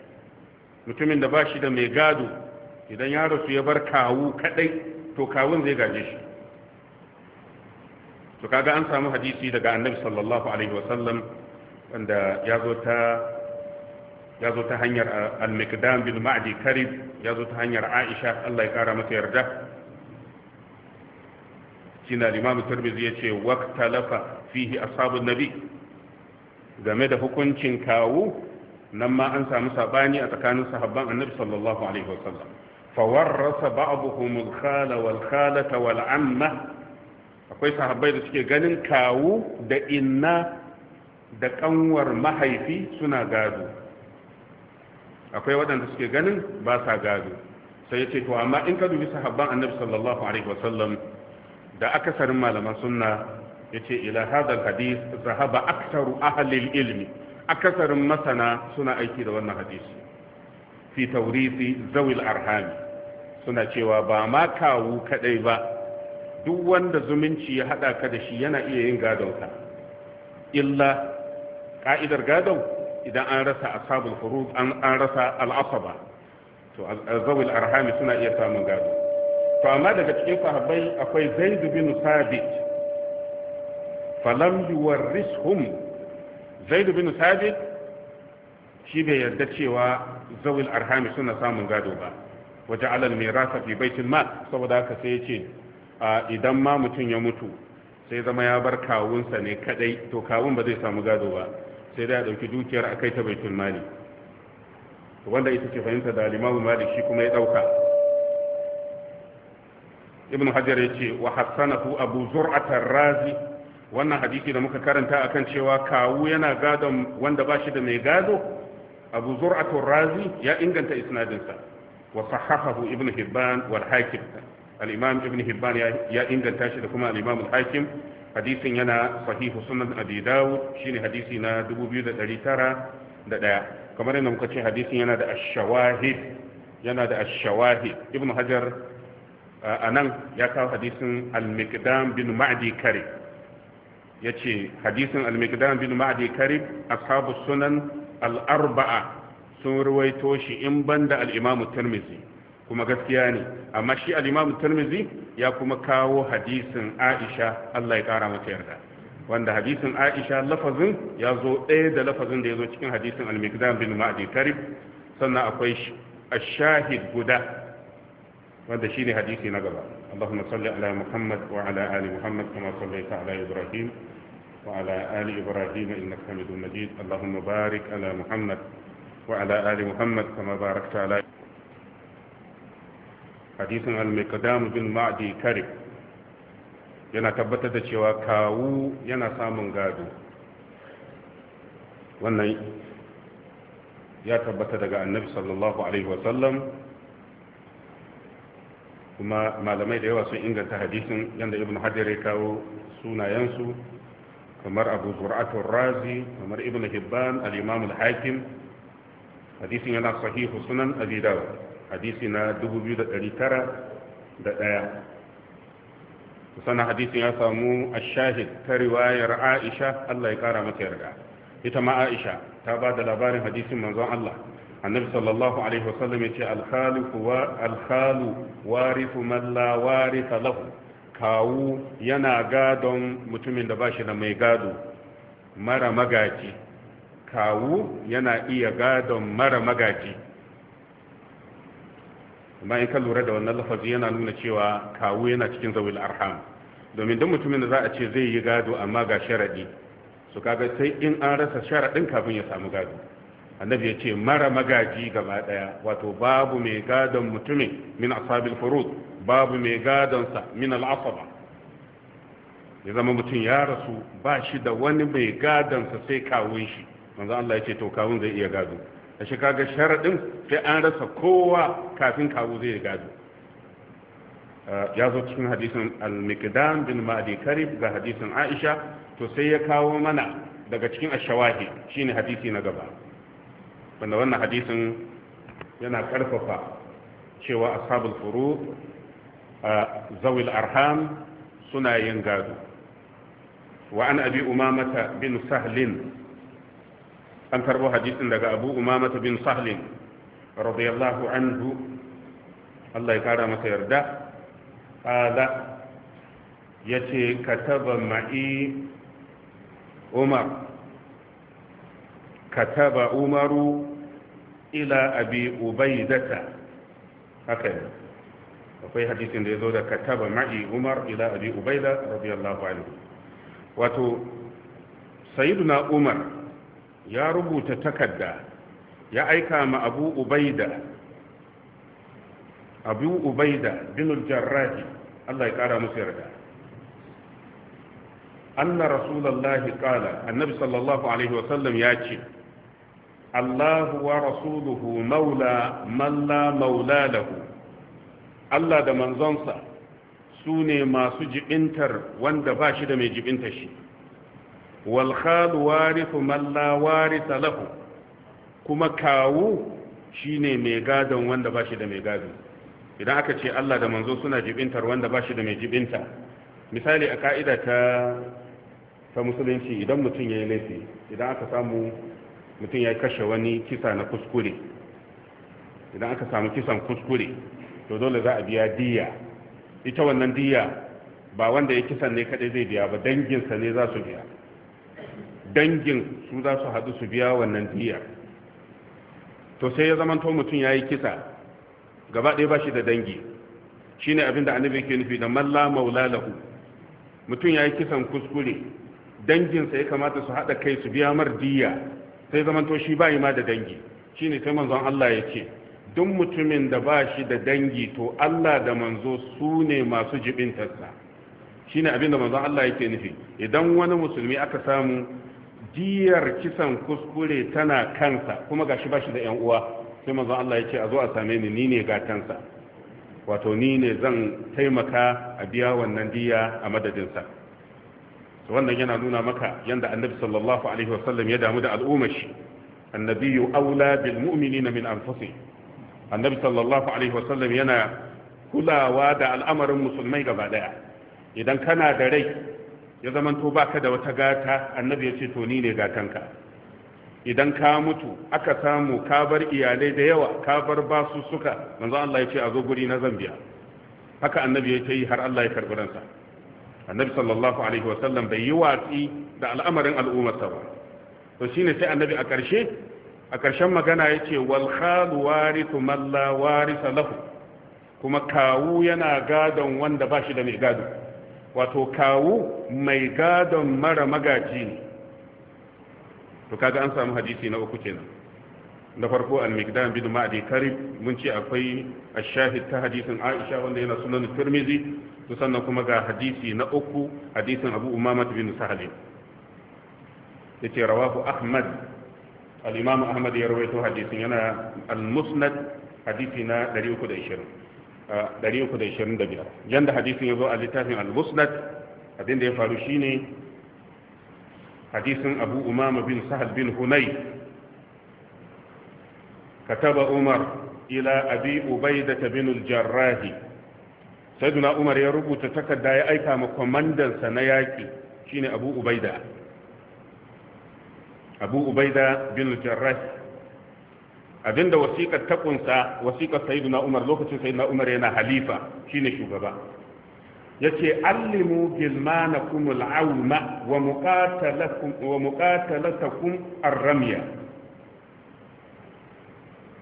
mutumin da bashi da mai gado idan ya rasu ya bar kawu kadai to kawun zai gaje shi to kaga an samu hadisi daga annabi sallallahu alaihi wasallam wanda ya zo ta ya zo ta hanyar uh, al-miqdam bin ma'di karib ya zo ta hanyar aisha Allah ya kara mata yarda shine al-imam tirmidhi yace waqtalafa fihi ashabun nabi game da hukuncin kawu nan ma an samu sabani a tsakanin sahabban annabi sallallahu alaihi wasallam fawarrasa ba'abuhumul khala wal khalata wal amma akwai sahabbai da suke ganin kawu da inna da kanwar mahaifi suna gado akwai waɗanda suke ganin ba sa gado sai ya ce to amma in ka dubi sahabban annabi sallallahu alaihi wasallam da akasarin malaman sunna ce ila hadal hadis, sahaba aktsaru ahli ilmi akasarin masana suna aiki da wannan hadisi fi taurisi zawil arhami suna cewa ba ma kawu kadai ba duk wanda zumunci ya hada ka da shi yana iya yin gadonka illa ka'idar gadon idan an rasa ashabul furud an an rasa al'asaba to zawil arhami suna iya samun gado to amma daga cikin sahabbai akwai zaid bin sabit falam yuwarrishum zaid bin sabit shi bai yarda cewa zawil arhami suna samun gado ba waje alal mirasa fi baitul mal saboda haka sai ya ce idan ma mutum ya mutu sai zama ya bar kawunsa ne kadai to kawun ba zai samu gado ba sai dai a dauki dukiyar akai ta baitul mali wanda ita ce fahimta da limamu malik shi kuma ya dauka ibn hajar ya ce wa hassanahu abu zur'atar razi wannan hadisi da muka karanta akan cewa kawu yana gadon wanda ba shi da mai gado abu zur'atul razi ya inganta isnadinsa wa sahahahu ibn hibban wal hakim al-imam ibn hibban ya inganta shi da kuma al-imam al-hakim hadisin yana sahihu sunan abi dawud shine hadisi na 2901 kamar yadda muka ce hadisin yana da ash-shawahid yana da ash-shawahid ibn hajar anan ya kawo hadisin al-miqdam bin ma'di karib yace hadisin al-miqdam bin ma'di karib ashabu sunan al'arba'a sun ruwaito shi in banda al'imamu tirmizi kuma gaskiya ne amma shi al'imamu tirmizi ya kuma kawo hadisin aisha allah ya kara mata yarda wanda hadisin aisha lafazin ya zo ɗaya da lafazin da ya zo cikin hadisin al-mikdam bin ma'adi karib sannan akwai ashahid guda wanda shine hadisi na gaba اللهم صل على wa وعلى ال محمد كما صليت على Ibrahim. وعلى آل إبراهيم إنك حميد مجيد اللهم بارك على محمد وعلى آل محمد كما باركت على حديث المقدام بن معدي كرب yana tabbatar da cewa kawu yana samun gado wannan ya tabbatar daga annabi sallallahu alaihi kuma malamai da yawa sun inganta hadisin yadda ibn hajar ya kawo sunayensu kamar abu zur'atun razi kamar ibn hibban al-imam al-hakim hadisi yana sahihu sunan abi dawud hadisi na 2901 sana hadisin ya samu ash-shahid ta riwayar aisha Allah ya kara mata yarda ita ma aisha ta ba da labarin hadisin manzon Allah annabi sallallahu alaihi wasallam yace al-khalu wa al-khalu warithu man la waritha lahu kawu yana gadon mutumin da ba shi da mai gado mara magaji kawu yana iya gadon mara magaji amma in ka lura da wannan lafazi yana nuna cewa kawu yana cikin zawil arham domin duk mutumin da za a ce zai yi gado amma ga sharaɗi, su kaga sai in an rasa sharaɗin kafin ya samu gado annabi ya ce mara magaji gaba daya wato babu mai gadon mutumin min asabil furud babu mai gadonsa min al'asaba ya zama mutum ya rasu ba shi da wani mai gadonsa sai kawun shi manzo Allah ya ce to kawun zai iya gado a shi kaga sharadin sai an rasa kowa kafin kawu zai gado ya zo cikin hadisin al-miqdam bin ma'di karib ga hadisin Aisha to sai ya kawo mana daga cikin ash shine hadisi na gaba wanda wannan hadisin yana karfafa cewa ashabul furu zawil arham suna yin gado wa an abi umamata bin sahlin an karbo hadisin daga abu umamata bin sahlin radiyallahu anhu Allah ya kara masa yarda ala ce kataba ma'i umar kataba umaru ila abi ubaidata haka ne akwai hadisin da ya zo da kataba ma'i umar ila abi ubaida radiyallahu anhu wato sayyiduna umar ya rubuta takarda ya aika ma abu ubaida abu ubaida bin jarrahi Allah ya kara musu yarda anna rasulullahi qala annabi sallallahu alaihi wa sallam ya ce Allahu wa rasuluhu maula man la Allah da manzonsa su ne masu jibintar wanda ba shi da mai jibintar shi wal khalu warithu lahu kuma kawu shine mai gadon wanda ba shi da mai gadon. idan aka ce Allah da manzo suna jibintar wanda ba shi da mai jibinta misali a ka'ida ta ta musulunci idan mutum ya yi laifi idan aka samu mutum ya kashe wani kisa na kuskure idan aka samu kisan kuskure to dole za a biya diya ita wannan diya ba wanda ya kisan ne kadai zai biya ba danginsa ne za su biya dangin su za su haɗu su biya wannan diya to sai ya zamanto mutum ya yi kisa gaba ɗaya ba shi da dangi shi ne abinda annabi ke nufi da malla maula lahu mutum ya yi kisan kuskure danginsa ya kamata su haɗa kai su biya mar diya sai zamantoshi shi ba ma da dangi shine sai manzon Allah ya ce duk mutumin da ba shi da dangi to Allah da manzo su ne masu jibintarsa shine abinda manzon Allah yake nufi idan wani musulmi aka samu diyar kisan kuskure tana kansa kuma gashi ba shi da yan uwa sai manzon Allah ya ce a zo a same ni ni ne kansa wato ni ne zan taimaka a biya wannan diya a madadinsa wannan yana nuna maka yanda annabi sallallahu alaihi wasallam ya damu da al'ummar shi annabiyyu aula bil mu'minina min anfusih annabi sallallahu alaihi wasallam yana kulawa da al'amarin musulmai gaba daya idan kana da rai ya zamanto baka da wata gata annabi ya ce to ni ne gatanka idan ka mutu aka samu ka bar iyalai da yawa ka bar basu suka manzo Allah ya ce a zo guri na zambiya haka annabi ya ce har Allah ya karbi ransa annabi sallallahu alaihi wasallam bai yi watsi da al'amarin al'ummarsa ba to shine sai annabi a ƙarshe a ƙarshen magana ya ce wal khalu warithu man la warisa lahu kuma kawu yana gadon wanda ba shi da mai gado wato kawu mai gadon mara magaji ne to kaga an samu hadisi na uku kenan na farko al-miqdam bin ma'di karib mun ce akwai ash-shahid ta hadisin Aisha wanda yana sunan Tirmidhi to sannan kuma ga hadisi na uku hadisin abu umama bin sahal yace rawahu ahmad al-imam ahmad ya rawaito hadisin yana al-musnad hadisi na 320 325 yanda hadisin yazo a littafin al-musnad abinda ya faru shi ne, hadisin abu umama bin sahal bin hunay كتب عمر إلى أبي أبيدة بن jarrahi. sayyiduna umar ya rubuta takarda ya aika ma kwamandansa na yaƙi shine abu ubaida abu ubaida bin jarrah abinda wasiƙar takunsa kunsa wasiƙar sayyiduna umar lokacin sayyiduna umar yana halifa shine shugaba yace allimu gilmanakum al'auma wa muqatalakum wa muqatalatakum ar-ramya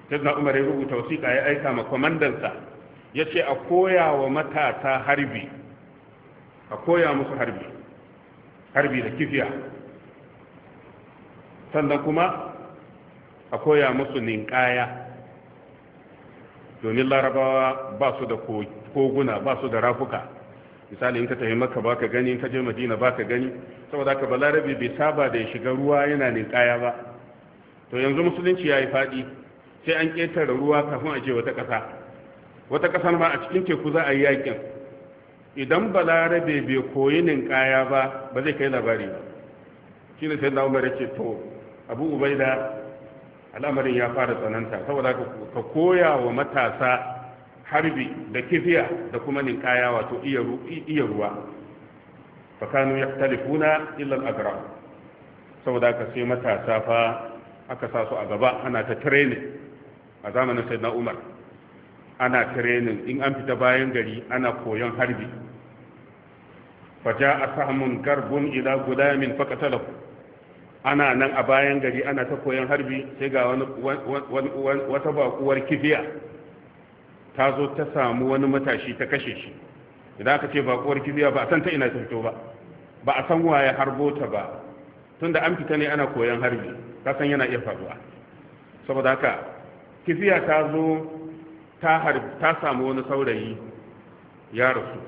sayyiduna umar ya rubuta wasiƙa ya aika ma kwamandansa ya ce a koya wa matasa harbi a koya musu harbi harbi da kifiya sannan kuma a koya musu ninkaya domin larabawa ba su da koguna ba su da rafuka misali in ka tafi maka ba ka gani in ka je madina ba ka gani saboda haka larabi bai saba da ya shiga ruwa yana ninkaya ba to yanzu musulunci ya yi faɗi sai an ƙetare ruwa kafin a je wata ƙasa wata kasar ma a cikin teku za a yi yakin idan balarabe bai koyi ninkaya ba ba zai kai labari ba shi ne sai na umar yake to abu ubaida al'amarin ya fara tsananta saboda ka koya wa matasa harbi da kifiya da kuma ninkaya wato iya ruwa kanu ya talifuna illal agra saboda ka sai matasa fa aka sasu a gaba ana ta training a zamanin sai na umar ana training in an fita bayan gari ana koyon harbi faja a samun garbun ila gudamin fakatalahu ana nan a bayan gari ana ta koyon harbi sai ga wata bakuwar kibiya ta zo ta samu wani matashi ta kashe shi idan aka ce bakuwar kibiya ba a san ta ina ta fito ba ba a san waye harbo ta ba tunda an fita ne ana koyon harbi ka san yana iya faruwa saboda haka kibiya ta zo ta samu wani saurayi ya rasu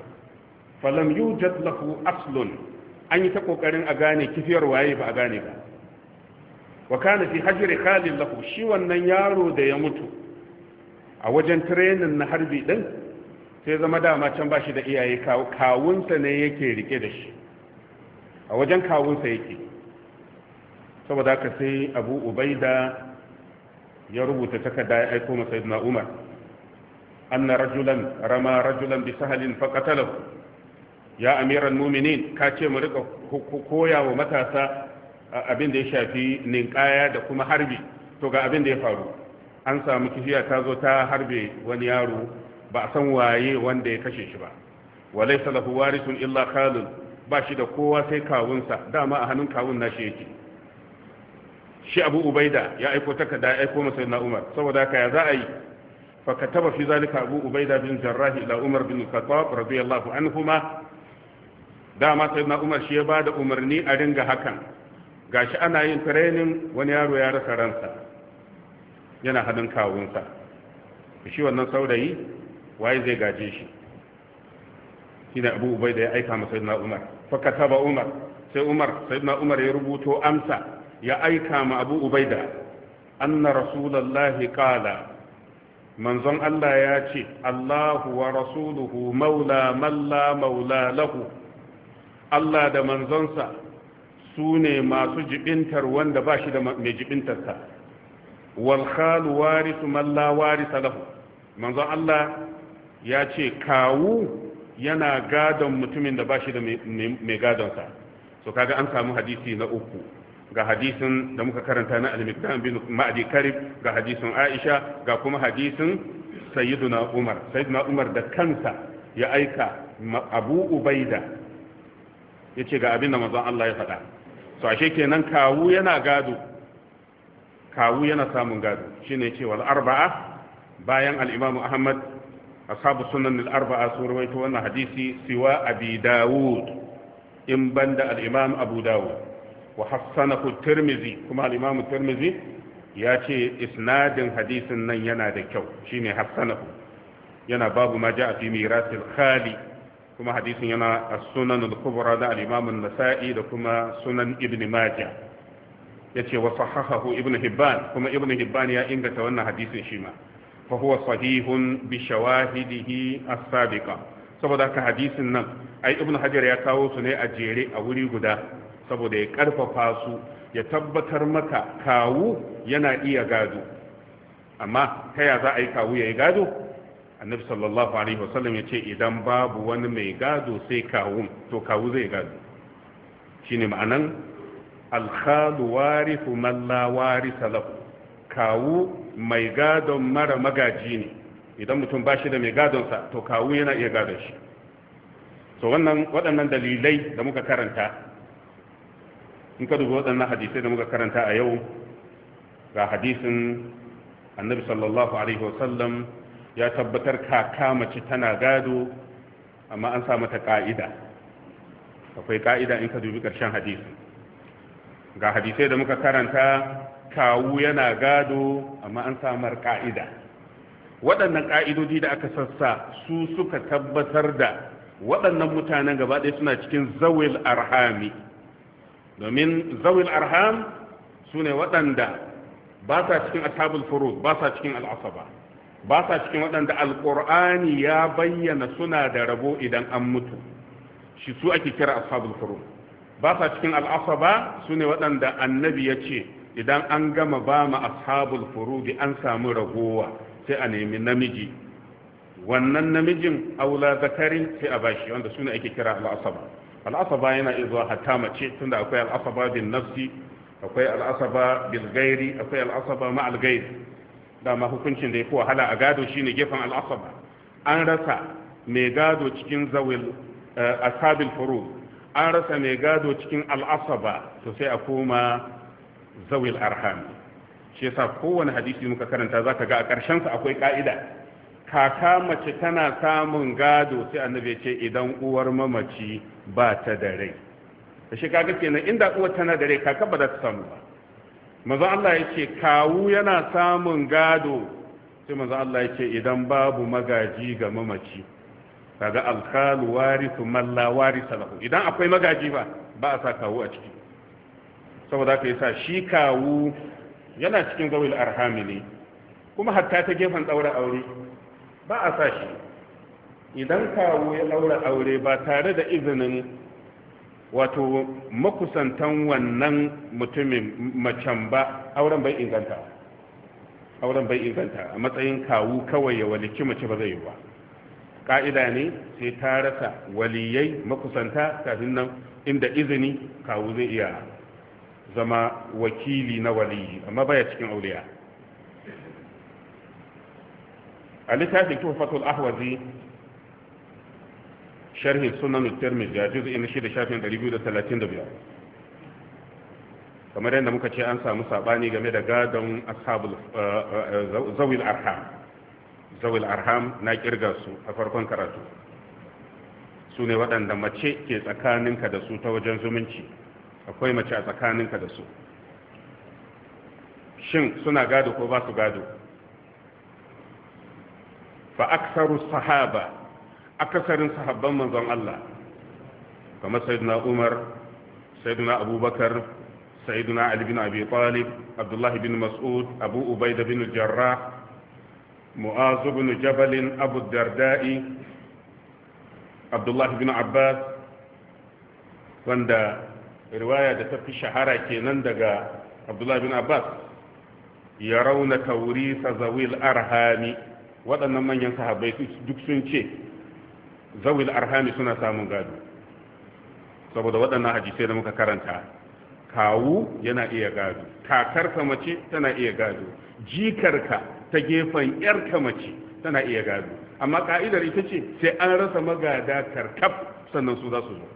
falam yujad lahu aslun an yi ta kokarin a gane kifiyar waye ba a gane ba wa kana fi hajri khalil lahu shi wannan yaro da ya mutu a wajen training na harbi din sai zama dama can shi da iyaye kawunsa ne yake rike da shi a wajen kawunsa yake saboda ka sai abu ubaida ya rubuta takarda ya aiko masa umar anna rajulan rama rajulan bi sahalin faqatalahu ya amiran mu'minin ka ce mu rika koya wa matasa abin da ya shafi ninkaya da kuma harbi to ga abin da ya faru an samu kishiya ta zo ta harbe wani yaro ba a san waye wanda ya kashe shi ba walai wari warisun illa khalil ba shi da kowa sai kawunsa dama a hannun kawun nashi yake shi abu ubaida ya aiko takarda ya aiko masa na umar saboda haka ya za a yi فكتب في ذلك أبو أبيدة بن جراح إلى عمر بن الخطاب رضي الله عنهما dama sai na umar shi ya ba da umarni a ringa hakan gashi ana yin training wani yaro ya rasa ransa yana hadin kawunsa shi wannan saurayi waye zai gaje shi shi abu ubai ya aika masa na umar faka umar sai na umar ya amsa ya aika ma abu anna rasulallahi kala manzon Allah ya ce Allahu wa rasuluhu maula malla maula lahu Allah da manzonsa su ne masu jibintar wanda ba shi da mai jibintarsa wal khalu warisu malla warisa lahu manzon Allah ya ce kawu yana gadon mutumin da ba shi da mai gadonsa so kaga an samu hadisi na uku ga hadisin da muka karanta na al bin ma'adi karib ga hadisin aisha ga kuma hadisin sayyiduna umar sayyiduna umar da kansa ya aika abu ubaida ya ce ga abin da manzon Allah ya faɗa so ashe kenan kawu yana gado kawu yana samun gado shine ce wal arba'a bayan al-imam ahmad ashabu sunan al-arba'a sun rawaito wannan hadisi siwa abi dawud in banda al-imam abu dawud wa hassanahu tirmizi kuma al tirmizi ya ce isnadin hadisin nan yana da kyau shine hassanahu yana babu ma ja'a fi mirasil khali kuma hadisin yana as-sunan al-kubra da al-imam nasai da kuma sunan ibn majah yace wa sahahahu ibn hibban kuma ibn hibban ya inganta wannan hadisin shima ma fa huwa sahihun bi shawahidihi as-sabiqa saboda ka hadisin nan ai ibn hajar ya kawo su ne a jere a wuri guda saboda ya ƙarfafa su ya tabbatar maka kawu yana iya gado amma ta ya za a yi kawu ya yi gado annabi sallallahu alaihi wasallam ya ce idan babu wani mai gado sai kawun to kawu zai gado shine ma'anan alkhalu warithu man la kawu mai gadon mara magaji ne idan mutum ba shi da mai gadonsa to kawu yana iya gado shi to wannan waɗannan dalilai da muka karanta in ka dubi waɗannan hadisai da muka karanta a yau ga hadisin annabi sallallahu alaihi wasallam ya tabbatar kaka mace tana gado amma an sa mata ka'ida akwai ka'ida in ka dubi ƙarshen hadisin ga hadisai da muka karanta kawu yana gado amma an samar ka'ida waɗannan ƙa'idodi da aka sassa su suka tabbatar da waɗannan mutanen gaba ɗaya suna cikin zawil arhami domin zawil arham su ne waɗanda ba sa cikin ashabul ba sa cikin al'asaba ba sa cikin waɗanda alƙur'ani ya bayyana suna da rabo idan an mutu shi su ake kira ashabul furud ba sa cikin al'asaba su ne waɗanda annabi ya ce idan an gama ba ma ashabul furudi an samu ragowa sai a nemi namiji wannan namijin aula zakari sai a bashi wanda su ne ake kira al'asaba al'asaba yana iya zuwa hatta mace tunda akwai al'asaba bin nafsi akwai al'asaba bil gairi akwai al'asaba ma al gairi dama hukuncin da ya fi wahala a gado shine gefen al'asaba an rasa mai gado cikin zawil eh, asabil furu an rasa mai gado cikin al'asaba to sai a koma zawil arham shi yasa kowane hadisi muka karanta zaka ga a karshen sa akwai ka'ida kaka mace tana samun gado sai annabi ce idan uwar mamaci ba ta da rai shi kaga kenan inda uwar tana da rai kaka ba za ta samu ba manzo Allah ya ce kawu yana samun gado sai manzo Allah ya ce idan babu magaji ga mamaci kaga alkhalu warithu man la warisa lahu idan akwai magaji ba ba a sa kawu a ciki saboda ka yasa shi kawu yana cikin zawil arhami kuma hatta ta gefen daura aure ba a sa shi idan kawo ya ɗaura aure ba tare da izinin wato makusantan wannan mutumin macen ba auren bai inganta auren bai inganta a matsayin kawu kawai ya waliki mace ba zai yi ba ka'ida ne sai ta rasa waliyai makusanta kafin nan inda izini kawu zai iya zama wakili na waliyi amma baya cikin auliya a littafin fatul ahwazi sharhi sunan tirmidhi a shi da shafin 235 kamar yadda muka ce an samu sabani game da gadon ashabul eh, eh, eh, zawil arham zawil arham na kirga su a farkon karatu su ne waɗanda mace ke tsakaninka da su ta wajen zumunci akwai mace a tsakaninka da su shin suna gado ko ba su gado fa aksaru sahaba akasarin sahabban manzon Allah kamar sayyidina Umar sayyidina Abubakar sayyidina Ali bin Abi Talib Abdullah bin Mas'ud Abu Ubaida bin Jarrah Mu'az bin Jabal Abu Darda'i Abdullah bin Abbas wanda riwaya da ta fi shahara kenan daga Abdullah bin Abbas ya rauna tawrisa zawil arhami waɗannan manyan sahabbai duk sun ce zawil arhami suna samun gado saboda waɗannan hadisai da muka karanta kawu yana iya gado kakarka mace tana iya gado jikarka ta gefen yarka mace tana iya gado amma ka'idar ita ce sai an rasa magada karkaf sannan su za su zo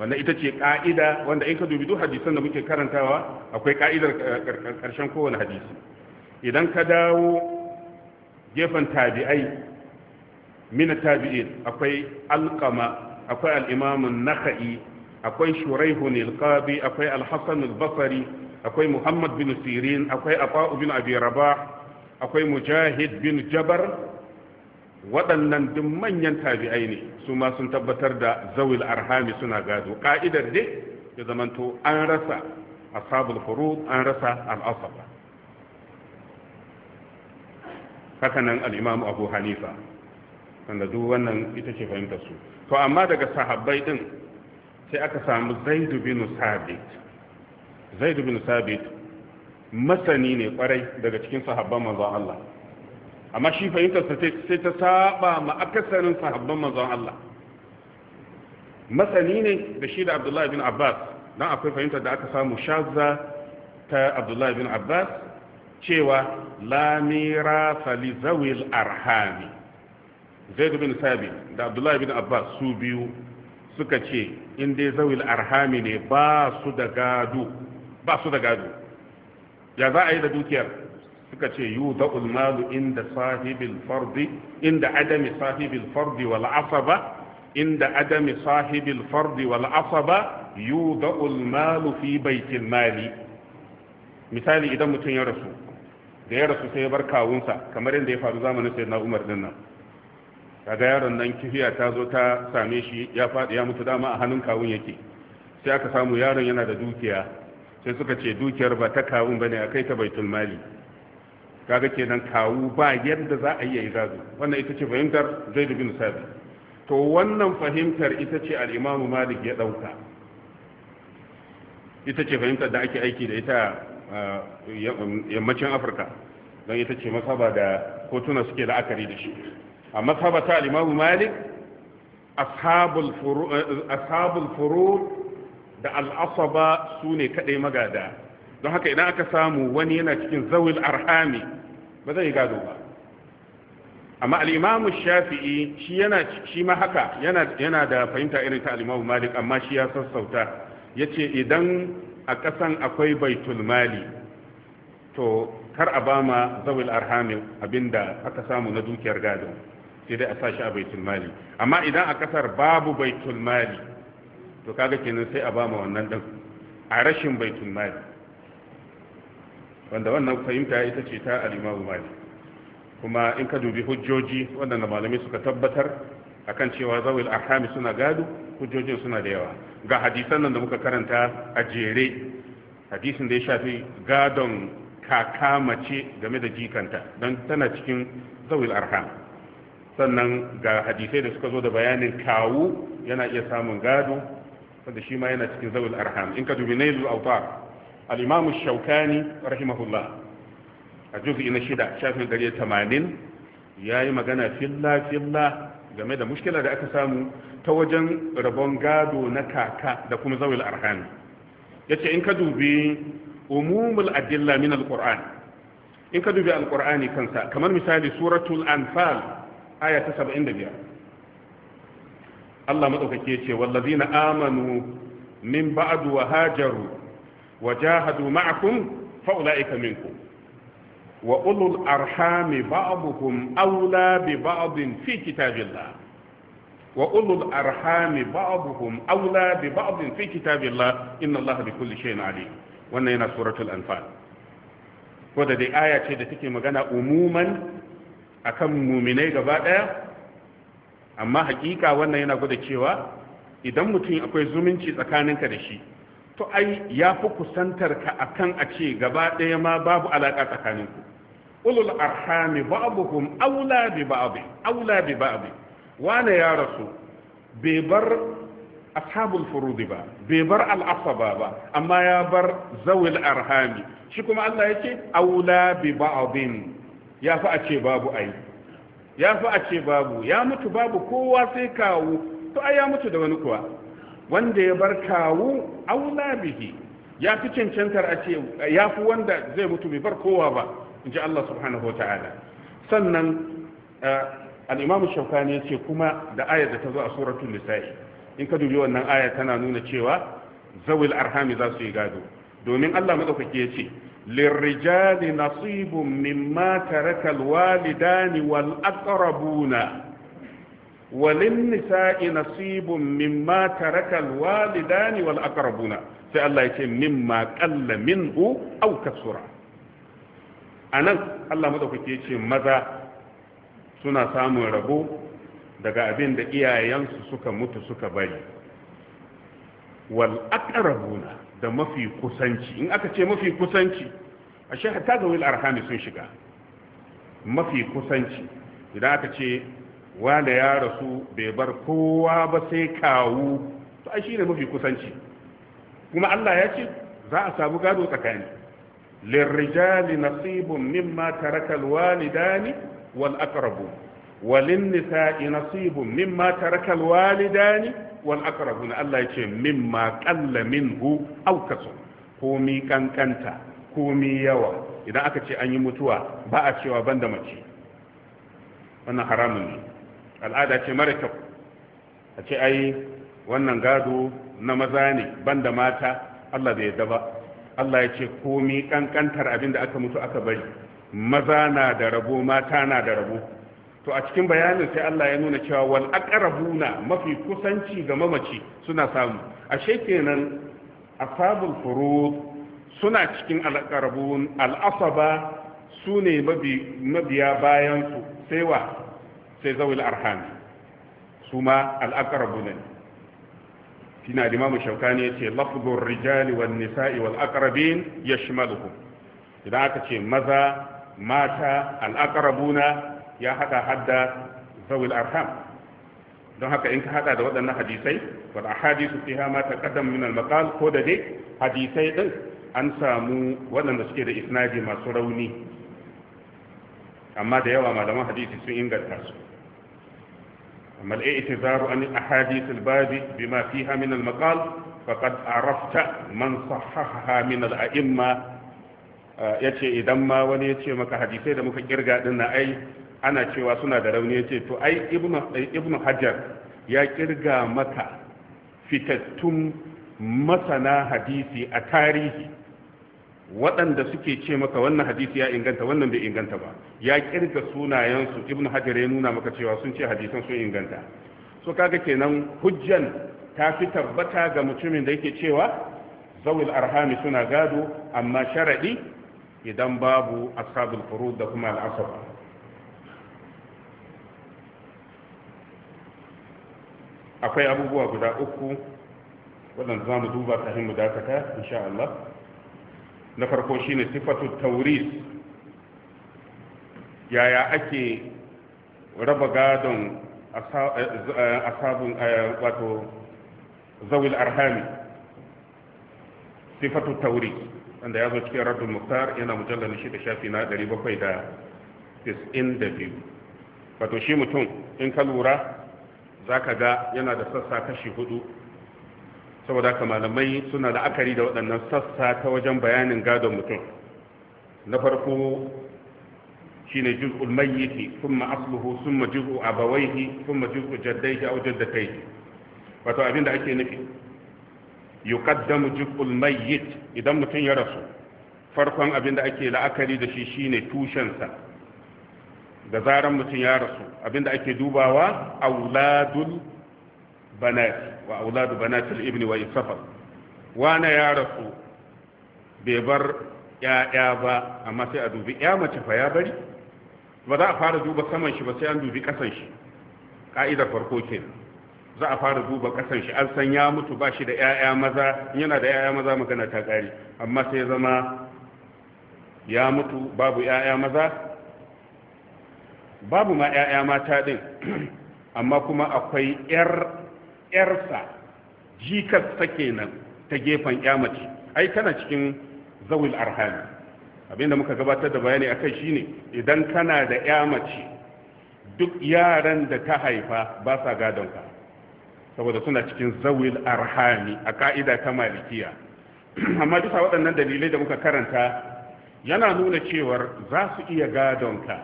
wanda ita ce ka'ida wanda in ka dubi duk hadisan da muke karantawa akwai ka'idar eh, karshen kowane hadisi idan ka dawo gefen tabi'ai mina tabi'in akwai alkama akwai al'imamin naka'i akwai shuraihun al akwai Alhassan hasan akwai muhammad bin sirin akwai afa'u bin abi rabah akwai mujahid bin jabar waɗannan duk manyan tabi'ai ne su ma sun tabbatar da zawil arhami suna gado ka'idar dai ya zamanto an rasa ashabul furud an rasa al haka nan al'imamu abu hanifa wanda duk wannan ita ce fahimtar su to amma daga sahabbai din sai aka samu zaidu bin sabit zaidu bin sabit masani ne kwarai daga cikin sahabban manzon Allah amma shi fahimtar sa sai ta saba ma akasarin sahabban manzon Allah masani ne da shi da Abdullah bin Abbas dan akwai fahimtar da aka samu shazza ta Abdullah bin Abbas cewa Lamira mirasa zawil arhami zaid bin sabi da abdullahi bin abbas su biyu suka ce in dai zawil arhami ne ba su da gado ba su da gado ya za a yi da dukiyar suka ce yu da ulmalu inda sahibil fardi inda adami sahibil fardi wal asaba inda adami sahibin fardi wal asaba yu da ulmalu fi baitil mali misali idan mutum ya rasu da ya rasu sai ya bar kawunsa kamar yadda ya faru zamanin sai na umar din nan kaga yaron nan kifiya ta zo ta same shi ya faɗi ya mutu dama a hannun kawun yake sai aka samu yaron yana da dukiya sai suka ce dukiyar ba ta kawun bane a kai ta baitul mali kaga kenan kawu ba yadda za a iya gado wannan ita ce fahimtar zaid bin sabi to wannan fahimtar ita ce al'imamu malik ya ɗauka ita ce fahimtar da ake aiki da ita yammacin afirka don ita ce masaba da kotuna suke la'akari da shi a masaba ta alimamu malik ashabul furu da al'asaba su ne kaɗai magada don haka idan aka samu wani yana cikin zawil arhami ba zai gado ba amma al'imamu shafi'i shi yana shi ma haka yana da fahimta irin ta alimamu malik amma shi ya sassauta ya ce idan a ƙasan akwai baitul mali to kar a bama zawil arhamin abinda aka samu na dukiyar gado sai dai a sa shi a baitul mali amma idan a ƙasar babu baitul mali to kaga kenan sai a bama wannan din a rashin baitul mali wanda wannan fahimta ita ce ta alimamu mali kuma in ka dubi hujjoji wadanda malamai suka tabbatar akan cewa zawil arhami suna gado hujjojin suna da yawa ga hadisan nan da muka karanta a jere hadisin da ya shafi gadon kaka mace game da jikanta don tana cikin zawil arham sannan ga hadisai da suka zo da bayanin kawu yana iya samun gado wanda shi ma yana cikin zawil arham in ka dubi nailul autar al shaukani rahimahullah a juz'i na shida shafin ya yi magana filla filla game da mushkila da aka samu ta wajen rabon gado na kaka da kuma zawil arhami yace in ka dubi umumul adilla min alquran in ka dubi alqurani kansa kamar misali suratul anfal aya ta 75 Allah madaukake yace wallazina amanu min ba'du wa hajaru wa jahadu ma'akum fa ulaika minkum wa ulul arhami ba'duhum aula bi fi kitabillah wa ulul arhami ba'duhum aula bi ba'din fi kitabillah inna allaha bi kulli shay'in alim wannan yana suratul anfal ko da dai aya ce da take magana umuman akan muminai gaba daya amma hakika wannan yana gwada cewa idan mutum akwai zumunci tsakaninka da shi to ai ya fi kusantar ka akan a ce gaba ɗaya ma babu alaƙa tsakaninku ulul arhami ba'dhum aula bi ba'd aula bi ba'd wane ya rasu bai bar ashabul furudi ba bai bar al'asaba ba amma ya bar zawil arhami shi kuma Allah ya ce aula bi ba'din ya fi a ce babu ai ya fi a ce babu ya mutu babu kowa sai kawo to ai ya mutu da wani kuwa wanda ya bar kawu aula bihi ya fi cancantar a ce ya fi wanda zai mutu bai bar kowa ba in ji Allah subhanahu wa ta'ala sannan eh, al'imamu shaukani ya ce kuma da ayar da ta zo a suratun nisa'i in ka dubi wannan ayar tana nuna cewa zawil arhami za su yi gado domin Allah madaukake ya ce lirrijali nasibun mimma taraka alwalidani wal aqrabuna walin nisa'i nasibun mimma tarakal walidani wal aqrabuna sai Allah ya ce mimma qalla minhu sura a anan Allah madaukake ya ce maza suna samun rabo daga abin da iyayensu suka mutu suka bari wal aqrabuna da mafi kusanci in aka ce mafi kusanci ashe hatta zawil arhami sun shiga mafi kusanci idan aka ce wanda ya rasu bai bar kowa ba sai kawu to ai shine mafi kusanci kuma Allah ya ce za a samu gado tsakani lirijali nasibun mimma taraka alwalidani wal aqrabun walin nisa'i nasibun mimma taraka alwalidani wal aqrabun Allah ya ce mimma qalla minhu aw kasu komi kankanta komi yawa idan aka ce an yi mutuwa ba a cewa banda mace wannan haramun ne al'ada ce mara kyau a ce ai wannan gado na maza ne banda mata Allah bai yadda ba Allah ya ce komi kankantar abin da aka mutu aka bari maza na da rabo mata na da rabo to a cikin bayanin sai Allah ya nuna cewa wal aqrabuna mafi kusanci ga mamaci suna samu ashe kenan asabul furud suna cikin al aqrabun al asaba sune mabiya bayan su sai wa sai zawil arham su ma al'aqrabu ne shine al-imam shaukani yace lafdhu ar-rijali wan nisa'i wal aqrabin yashmaluhum idan aka ce maza mata al na ya haɗa hadda zawil arham don haka in ka hada da waɗannan hadisai wal ahadisu fiha ma taqaddam min al-maqal ko da dai hadisai din an samu waɗanda suke da isnadi masu rauni amma da yawa malaman hadisi sun inganta su أما الاعتذار عن أحاديث الباب بما فيها من المقال فقد عرفت من صححها من الأئمة yace idan ma wani ya ce maka hadisai da muka kirga din na ai ana cewa suna da rauni yace to ai ibnu hajar ya kirga maka fitattun masana hadisi a tarihi waɗanda suke ce maka wannan hadisi ya inganta wannan bai inganta ba ya kirga sunayensu ibn hajar ya nuna maka cewa sun ce hadisan sun inganta so kaga kenan hujjan ta fi tabbata ga mutumin da yake cewa zawil arhami suna gado amma sharadi idan babu ashabul furud da kuma al'asaba akwai abubuwa guda uku waɗanda za duba kafin mu dakata insha Allah na farko shine sifatu tauris yaya ake raba gadon eh, eh, asabun eh, wato zawil arhami sifatu tauri wanda ya zo cikin raddun muktar yana mujallar shi da shafi na 792 wato shi mutum in ka lura za ka ga yana da sassa kashi hudu saboda haka malamai suna la'akari da waɗannan sassa ta wajen bayanin gadon mutum na farko shine juz'ul mayyiti thumma asluhu thumma juz'u abawayhi thumma juz'u jaddayhi aw jaddatayhi wato da ake nufi yuqaddamu juz'ul mayyit idan mutum ya rasu farkon da ake la'akari da shi shine tushensa da zaran mutum ya rasu abinda ake dubawa auladul banat wa auladu banatil ibni wa isafar wane ya rasu bai bar ya'ya ba amma sai a dubi ya mace fa ya bari ba za a fara duba saman shi ba sai an dubi kasan shi ka'ida farko ke za a fara duba kasan shi an san ya mutu ba shi da ya'ya maza yana da ya'ya maza magana ta kare amma sai zama ya mutu babu ya'ya maza babu ma ya'ya mata din [CLEARS THROAT] amma kuma akwai yar yarsa sake kenan ta gefen kyamace ai kana cikin zawil arhami abinda muka gabatar da bayani akai shine idan kana da kyamace duk yaran da ta haifa ba sa ka saboda suna cikin zawil arhami a ka'ida ta malikiya [CLEARS THROAT] amma bisa waɗannan dalilai da muka karanta yana nuna cewar za su iya gadonka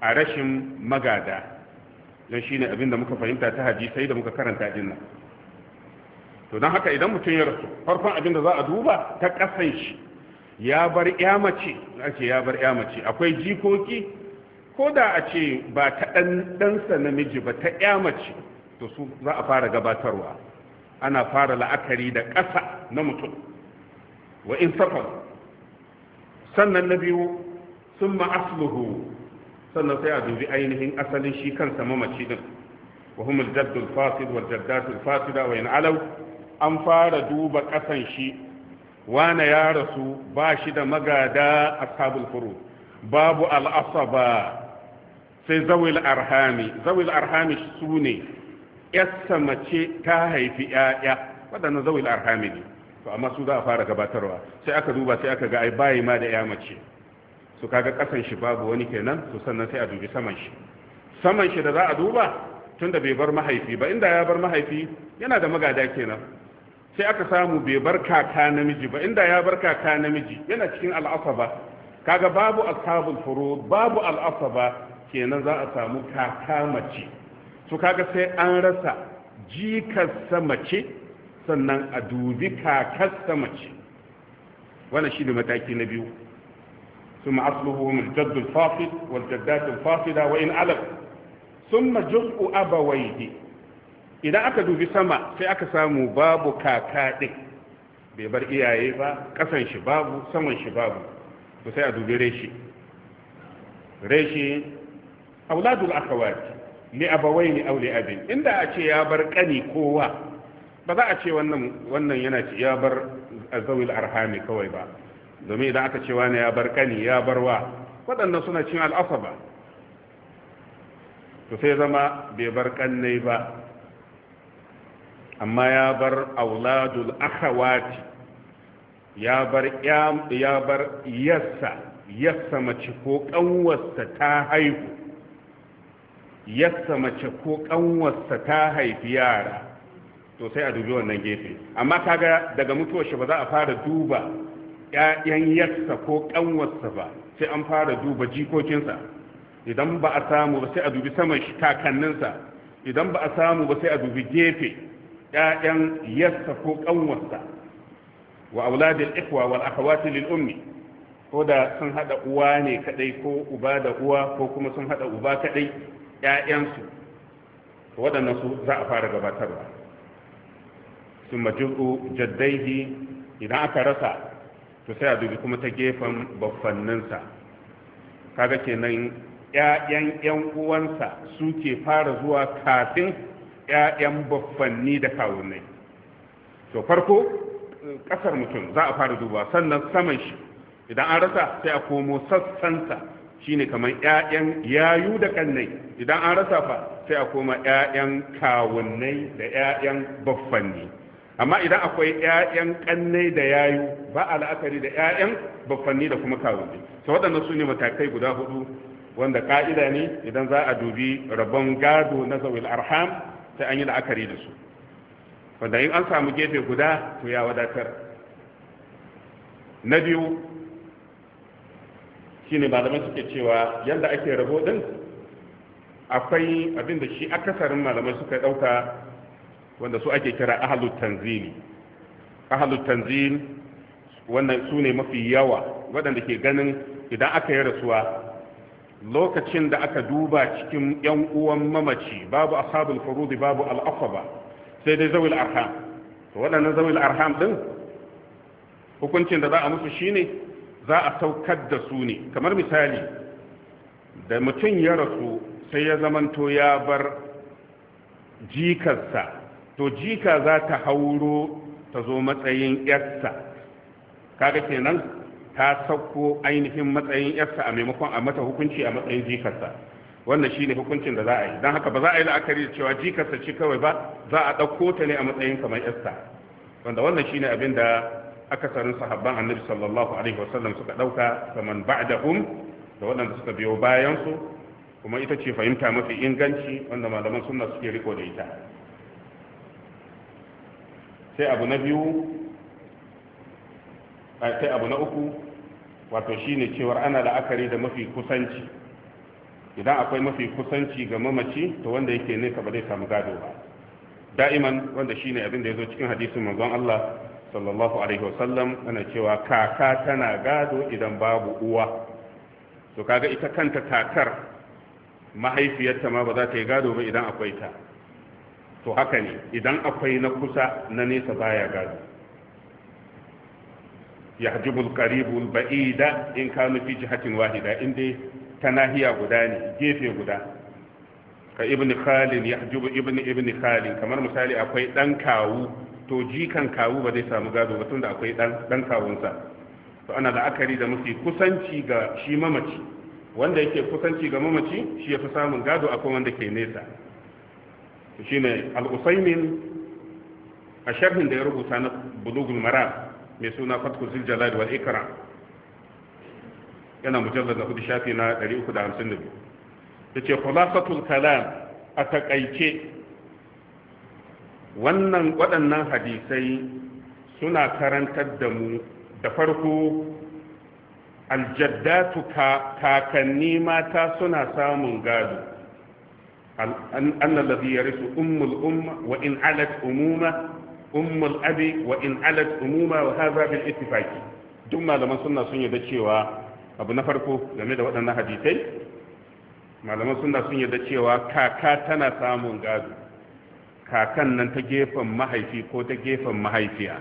a rashin magada don shine abin da muka fahimta ta hadisai da muka karanta din nan to don haka idan mutum ya rasu farkon abin da za a duba ta kasan shi ya bar ya mace ce ya bar ya mace akwai jikoki ko da a ce ba ta dan namiji ba ta ya mace to su za a fara gabatarwa ana fara la'akari da ƙasa na mutum wa in sannan na biyu sun asluhu sannan sai a dubi ainihin asalin shi kansa mamaci din wa humul jaddul fasid wal jaddatul fasida wa alaw an fara duba kasan shi wana ya rasu ba shi da magada ashabul furu babu al asaba sai zawil arhami zawil arhami ne yassa mace ta haifi yaya wadannan zawil arhami ne to amma su za a fara gabatarwa sai aka duba sai aka ga ai bayi ma da ya mace su kaga kasan shi babu wani kenan to sannan sai a dubi saman shi saman shi da za a duba tunda bai bar mahaifi ba inda ya bar mahaifi yana da magada kenan sai aka samu bai bar kaka namiji ba inda ya bar kaka namiji yana cikin al'asaba kaga babu ashabul furud babu al'asaba kenan za a samu kaka mace su kaga sai an rasa jikarsa mace sannan a dubi kakar mace wannan shi ne mataki na biyu ثم أصله من الجد الفاقد والجدات الفاقدة وإن علق ثم جزء أبويه إذا أكدوا في سما في أكسام باب كاكاد بيبر إياي با كسن شباب سمن شباب وسيأدوا بريشي ريشي أولاد الأخوات لأبوين أو لأبين إن دا أشي يا بركني كوا ba za a ce wannan yana ya bar azawil arhami kawai ba domin idan aka cewa ne ya bar kani ya barwa waɗannan suna cin ba to sai zama bai bar kannai ba amma ya bar auladul akhawati ya bar ya bar yassa yassa mace ko kanwarsa ta haihu yassa mace ko kanwarsa ta haifi yara to sai a dubi wannan gefe amma kaga daga mutuwar shi ba za a fara duba yayan yarsa ko ƙanwarsa ba sai an fara duba jikokinsa idan ba a samu ba sai a dubi saman kakanninsa idan ba a samu ba sai a dubi gefe yayan yarsa ko ƙanwarsa wa auladil ikwa wal akhawati lil ummi ko da sun hada uwa ne kadai ko uba da uwa ko kuma sun hada uba kadai ƴaƴansu waɗannan su za a fara gabatarwa sun majuru jaddaihi idan aka rasa to sai a dubi kuma ta gefen baffanninsa kaga kenan ƴaƴan ƴan uwansa ke fara zuwa kafin ƴaƴan baffanni da kawunai to farko ƙasar mutum za a fara duba sannan saman shi idan an rasa sai a komo sassansa shine kamar ƴaƴan yayu da kannai idan an rasa fa sai a koma ƴaƴan kawunnai da ƴaƴan baffanni amma idan akwai ƴaƴan kannai da yayu ba a la'akari da ƴaƴan bafanni da kuma kawunni to waɗannan su ne matakai guda hudu wanda ƙa'ida ne idan za a dubi rabon gado na zawil arham sai an yi la'akari da su wanda in an samu gefe guda to ya wadatar na biyu shine malamai suke cewa yadda ake rabo din akwai abin da shi akasarin malamai suka ɗauka wanda su ake kira ahalut tanzili ahalut tanzil wannan su ne mafi yawa waɗanda ke ganin idan aka yi rasuwa lokacin da aka duba cikin yan uwan mamaci babu ashabul furudi babu al'afaba sai dai zawil arham to waɗannan zawil arham din hukuncin da za a musu shine za a saukar da su ne kamar misali da mutum ya rasu sai ya zamanto ya bar jikarsa to jika za ta hauro ta zo matsayin yarsa kaga kenan ta sauko ainihin matsayin yarsa a maimakon a mata hukunci a matsayin jikarsa wannan shine hukuncin da za a yi don haka ba za a yi la'akari da cewa jikarsa ce kawai ba za a ɗauko ta ne a matsayin kamar yarsa wanda wannan shine abin da akasarin sahabban annabi sallallahu alaihi wasallam suka ɗauka kaman ba'dahum da waɗanda suka biyo bayansu kuma ita ce fahimta mafi inganci wanda malaman sunna suke riko da ita sai abu na biyu sai abu na uku wato shine cewar ana la'akari da mafi kusanci idan akwai mafi kusanci ga mamaci to wanda yake nesa ba zai samu gado ba da'iman wanda shine abin da ya zo cikin hadisin manzon Allah sallallahu alaihi wasallam ana cewa kaka tana gado idan babu uwa to kaga ita kanta kakar mahaifiyarta ma ba za ta yi gado ba idan akwai ta to haka ne idan akwai na kusa na nesa baya gado yahjubul qaribul ba'ida in kanu nufi jihatin wahida in ta nahiya guda ne gefe guda ka ibn ya yahjubu ibn ibn khalin kamar misali akwai dan kawu to jikan kawu ba zai samu gado ba tunda akwai dan kawunsa to ana la'akari da mafi kusanci ga shi mamaci wanda yake kusanci ga mamaci shi ya fi samun gado akwai wanda ke nesa shine al usaymin a sharhin da ya rubuta na bulugul mara mai suna fatku jalal wal ikra yana mujallar da hudu shafi na 352 da ce khulasatul kalam a takaice wannan waɗannan hadisai suna karantar da mu da farko aljaddatu kakanni mata suna samun gado أن الذي يرث أم الأمة وإن علت أمومة أم الأب وإن علت أمومة وهذا بالاتفاق ثم لما سنة سنة دتشيوا abu na farko game da waɗannan hadisai malaman suna sun yarda cewa kaka tana samun gado kakan nan ta gefen mahaifi ko ta gefen mahaifiya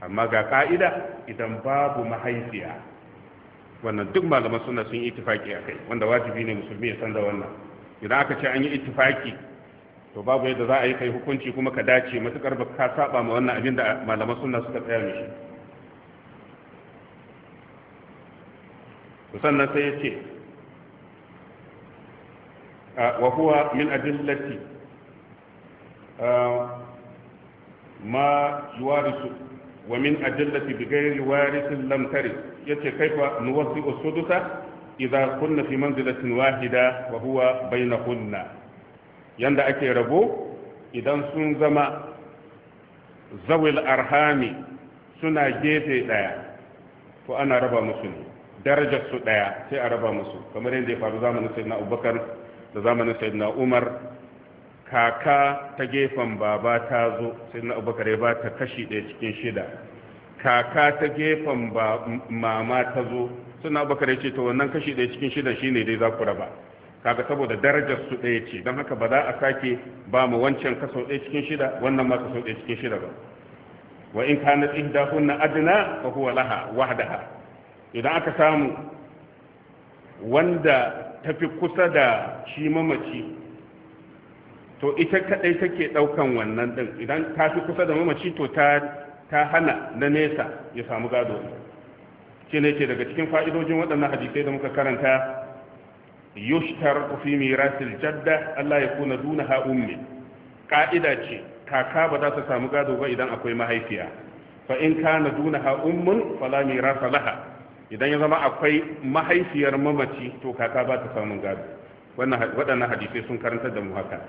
amma ga ka'ida idan babu mahaifiya wannan duk malaman suna sun yi itifaki a kai wanda wajibi ne musulmi ya san da wannan idan aka ce an yi ittifaki to babu yadda za a yi kai hukunci kuma ka dace matukar ba ka saba ma wannan abin da malaman sunna suka tsaya mishi shi sannan sai ya ce ah, wa huwa min adillati ah, ma yuwarisu wa min adillati bi ghairi warisin lam yace kaifa nuwasi usudusa idza kunna fi manzilatin wahida wa huwa kunna. yanda ake rabo idan sun zama zawil arhami suna gefe daya to ana raba musu ne darajar su daya sai a raba musu kamar yadda ya faru zamanin sayyidina Abubakar da zamanin sayyidina Umar kaka ta gefen baba ta zo sayyidina Abubakar ya bata kashi daya cikin shida kaka ta gefen mama ta zo suna bakar ya ce to wannan kashi ɗaya cikin shida shine dai za ku raba kaga saboda darajar su ɗaya ce don haka ba za a sake ba mu wancan kaso ɗaya cikin shida wannan ma kaso ɗaya cikin shida ba wa in kana ihdahunna adna fa huwa laha wahdaha idan aka samu wanda ta fi kusa da shi mamaci to ita kadai take daukan wannan din idan ta fi kusa da mamaci to ta ta hana na nesa ya samu gado shi ne ke daga cikin fa'idojin waɗannan hadisai da muka karanta yushtar fi mirasil jadda Allah ya kuna duna ha ummi ka'ida ce kaka ba za ta samu gado ba idan akwai mahaifiya fa in kana duna ha ummun fala mirasa laha idan ya zama akwai mahaifiyar mamaci to kaka ba ta samu gado waɗannan hadisai sun karanta da mu haka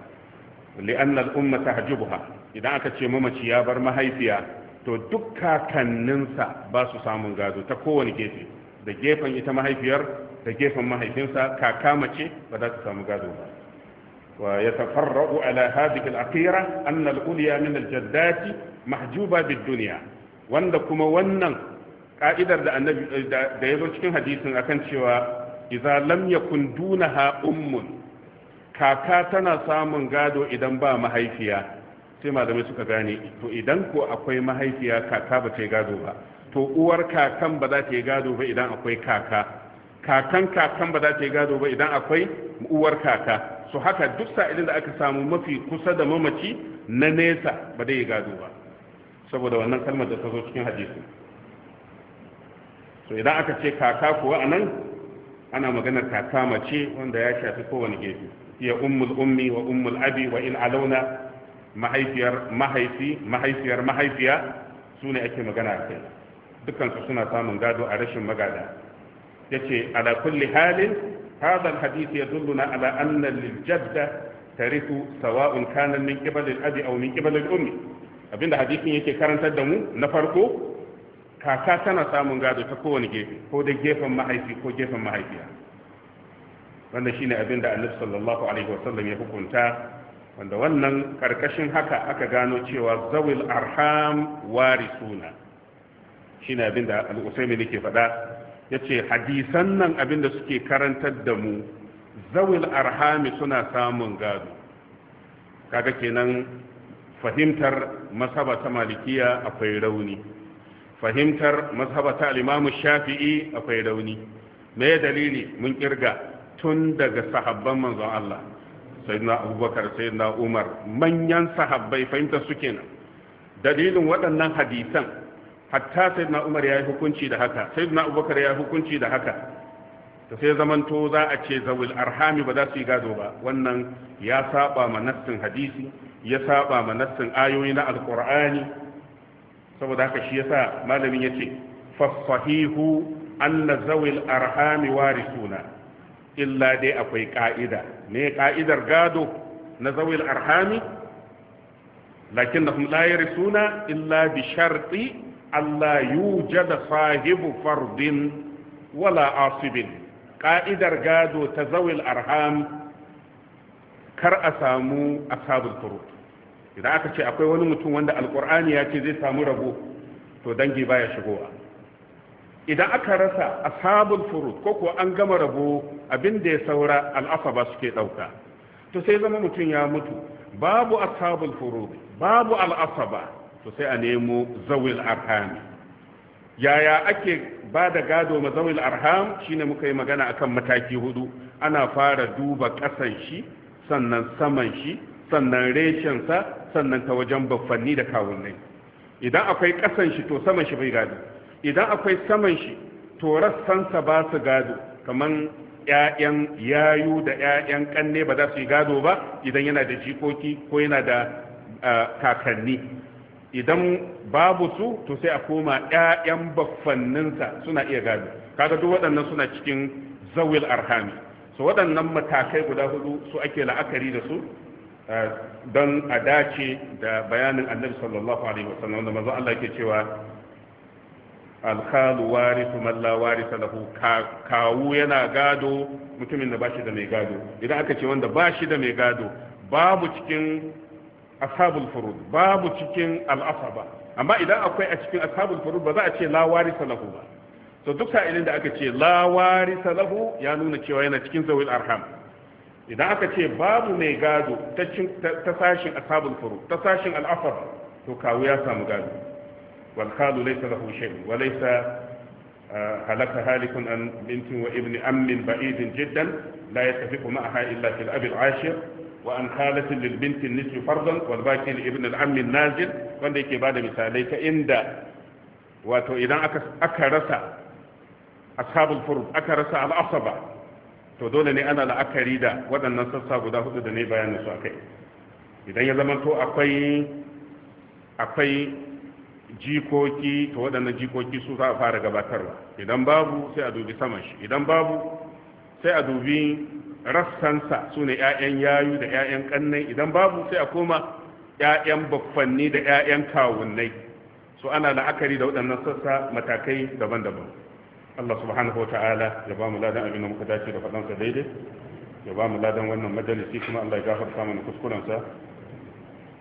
li'anna al'umma tahjubuha idan aka ce mamaci ya bar mahaifiya to duk kakanninsa ba su samun gado ta kowane gefe da gefen ita mahaifiyar da gefen mahaifinsa kaka mace ba za ta samu gado ba wa ya tafarra'u ala hadhihi al-akhira anna al-ulya min al-jaddati mahjuba bid-dunya wanda kuma wannan ka'idar da annabi da yazo cikin hadisin akan cewa idza lam yakun dunaha ummun kaka tana samun gado idan ba mahaifiya sai malamai suka gane to idan ko akwai mahaifiya kaka ba ta yi gado ba to uwar kakan ba za ta yi gado ba idan akwai kaka kakan kakan ba za ta yi gado ba idan akwai uwar kaka su haka duk sa'ilin da aka samu mafi kusa da mamaci na nesa ba zai yi gado ba saboda wannan kalmar da ta zo cikin hadisi so idan aka ce kaka kuwa anan ana maganar kaka mace wanda ya shafi kowane gefe ya ummul ummi wa ummul abi wa in alauna mahaifiyar mahaifi mahaifiyar mahaifiya su ne ake magana a dukansu suna samun gado a rashin magada yace ce ala kulli halin هذا hadisi ya على أن للجدة ترث سواء كان من قبل الأب أو من قبل الأم abin da hadisin yake karantar da mu na farko kaka tana samun gado ta kowane gefe ko da gefen mahaifi ko gefen mahaifiya wannan shine abinda da annabi sallallahu alaihi wasallam ya hukunta wanda wannan karkashin haka aka gano cewa zawil arham warisuna shine abin da al'usaimi usaimi yake faɗa ya ce hadisan nan abin da suke karantar da mu zawil arhami suna samun gado kaga kenan fahimtar masaba ta malikiya akwai rauni fahimtar masaba ta alimamu shafi'i akwai rauni me dalili mun kirga tun daga sahabban manzon Allah sayyidina abubakar sayyidina umar manyan sahabbai fahimtar su kenan dalilin waɗannan hadisan hatta sayyidina umar ya yi hukunci da haka sayyidina abubakar ya yi hukunci da haka ta sai zamanto za a ce zawil arhami ba za su yi gado ba wannan ya saba ma nassin hadisi ya saba ma nassin ayoyi na alqur'ani saboda haka shi yasa malamin yace fa sahihu anna zawil arhami warisuna illa dai akwai ka'ida ne ka'idar gado na zawil arhami lakinnahum la yarisuna illa bi sharti alla yujada sahibu fardin wala asibin ka'idar gado ta zawil arham kar a samu ashabul furud idan aka ce akwai wani mutum wanda alqur'ani ya ce zai samu rabo to dangi baya shigowa idan aka rasa ashabul furud ko ko an gama rabo abin da ya saura al'asaba suke dauka to sai zama mutum ya mutu babu ashabul furud babu al'asaba to sai a nemo zawil arham yaya ake ba da gado ma zawil arham shine muka yi magana akan mataki hudu ana fara duba kasan shi sannan saman shi sannan reshensa sannan ta wajen baffanni da kawunnai idan akwai kasan shi to saman shi bai gado idan akwai saman shi to rassansa ba su gado kamar ƴaƴan yayu da ƴaƴan kanne ba za su yi gado ba idan yana da jikoki ko yana da kakanni idan babu su to sai a koma ƴaƴan baffanninsa suna iya gado kaga duk waɗannan suna cikin zawil arhami so waɗannan matakai guda hudu su ake la'akari da su don a dace da bayanin annabi sallallahu alaihi wasallam da manzo Allah yake cewa alkhalu warithu man la waritha lahu kawu yana gado mutumin da bashi da mai gado idan aka ce wanda bashi da mai gado babu cikin ashabul furud babu cikin al'asaba amma idan akwai a cikin ashabul furud ba za a ce la waritha lahu ba to duk sa'ilin da aka ce la waritha lahu ya nuna cewa yana cikin zawil arham idan aka ce babu mai gado ta sashin ashabul furud ta sashin al'asaba to kawu ya samu gado wal khalu laysa lahu shay wa laysa halaka halikun an bintin wa ibni ammin ba'idin jiddan la yattafiqu ma'aha illa fil abi al ashir wa an khalatin lil binti nisfu fardan wal baqi li ibn al ammi nazil wanda yake bada misalai ta inda wato idan aka aka rasa ashabul furud aka rasa al asaba to dole ne ana la'akari da waɗannan sassa guda hudu da ne bayanin su akai idan ya zama to akwai akwai jikoki to waɗannan jikoki su za a fara gabatarwa idan babu sai a dubi saman shi idan babu sai a dubi rassansa su ne 'ya'yan yayu da 'ya'yan kannai idan babu sai a koma 'ya'yan baffanni da 'ya'yan kawunnai so ana la'akari da waɗannan sassa matakai daban-daban Allah subhanahu wa ta'ala ya ba mu ladan abin da muka dace da faɗansa daidai ya ba mu ladan wannan majalisi kuma Allah ya gafarta mana kuskurensa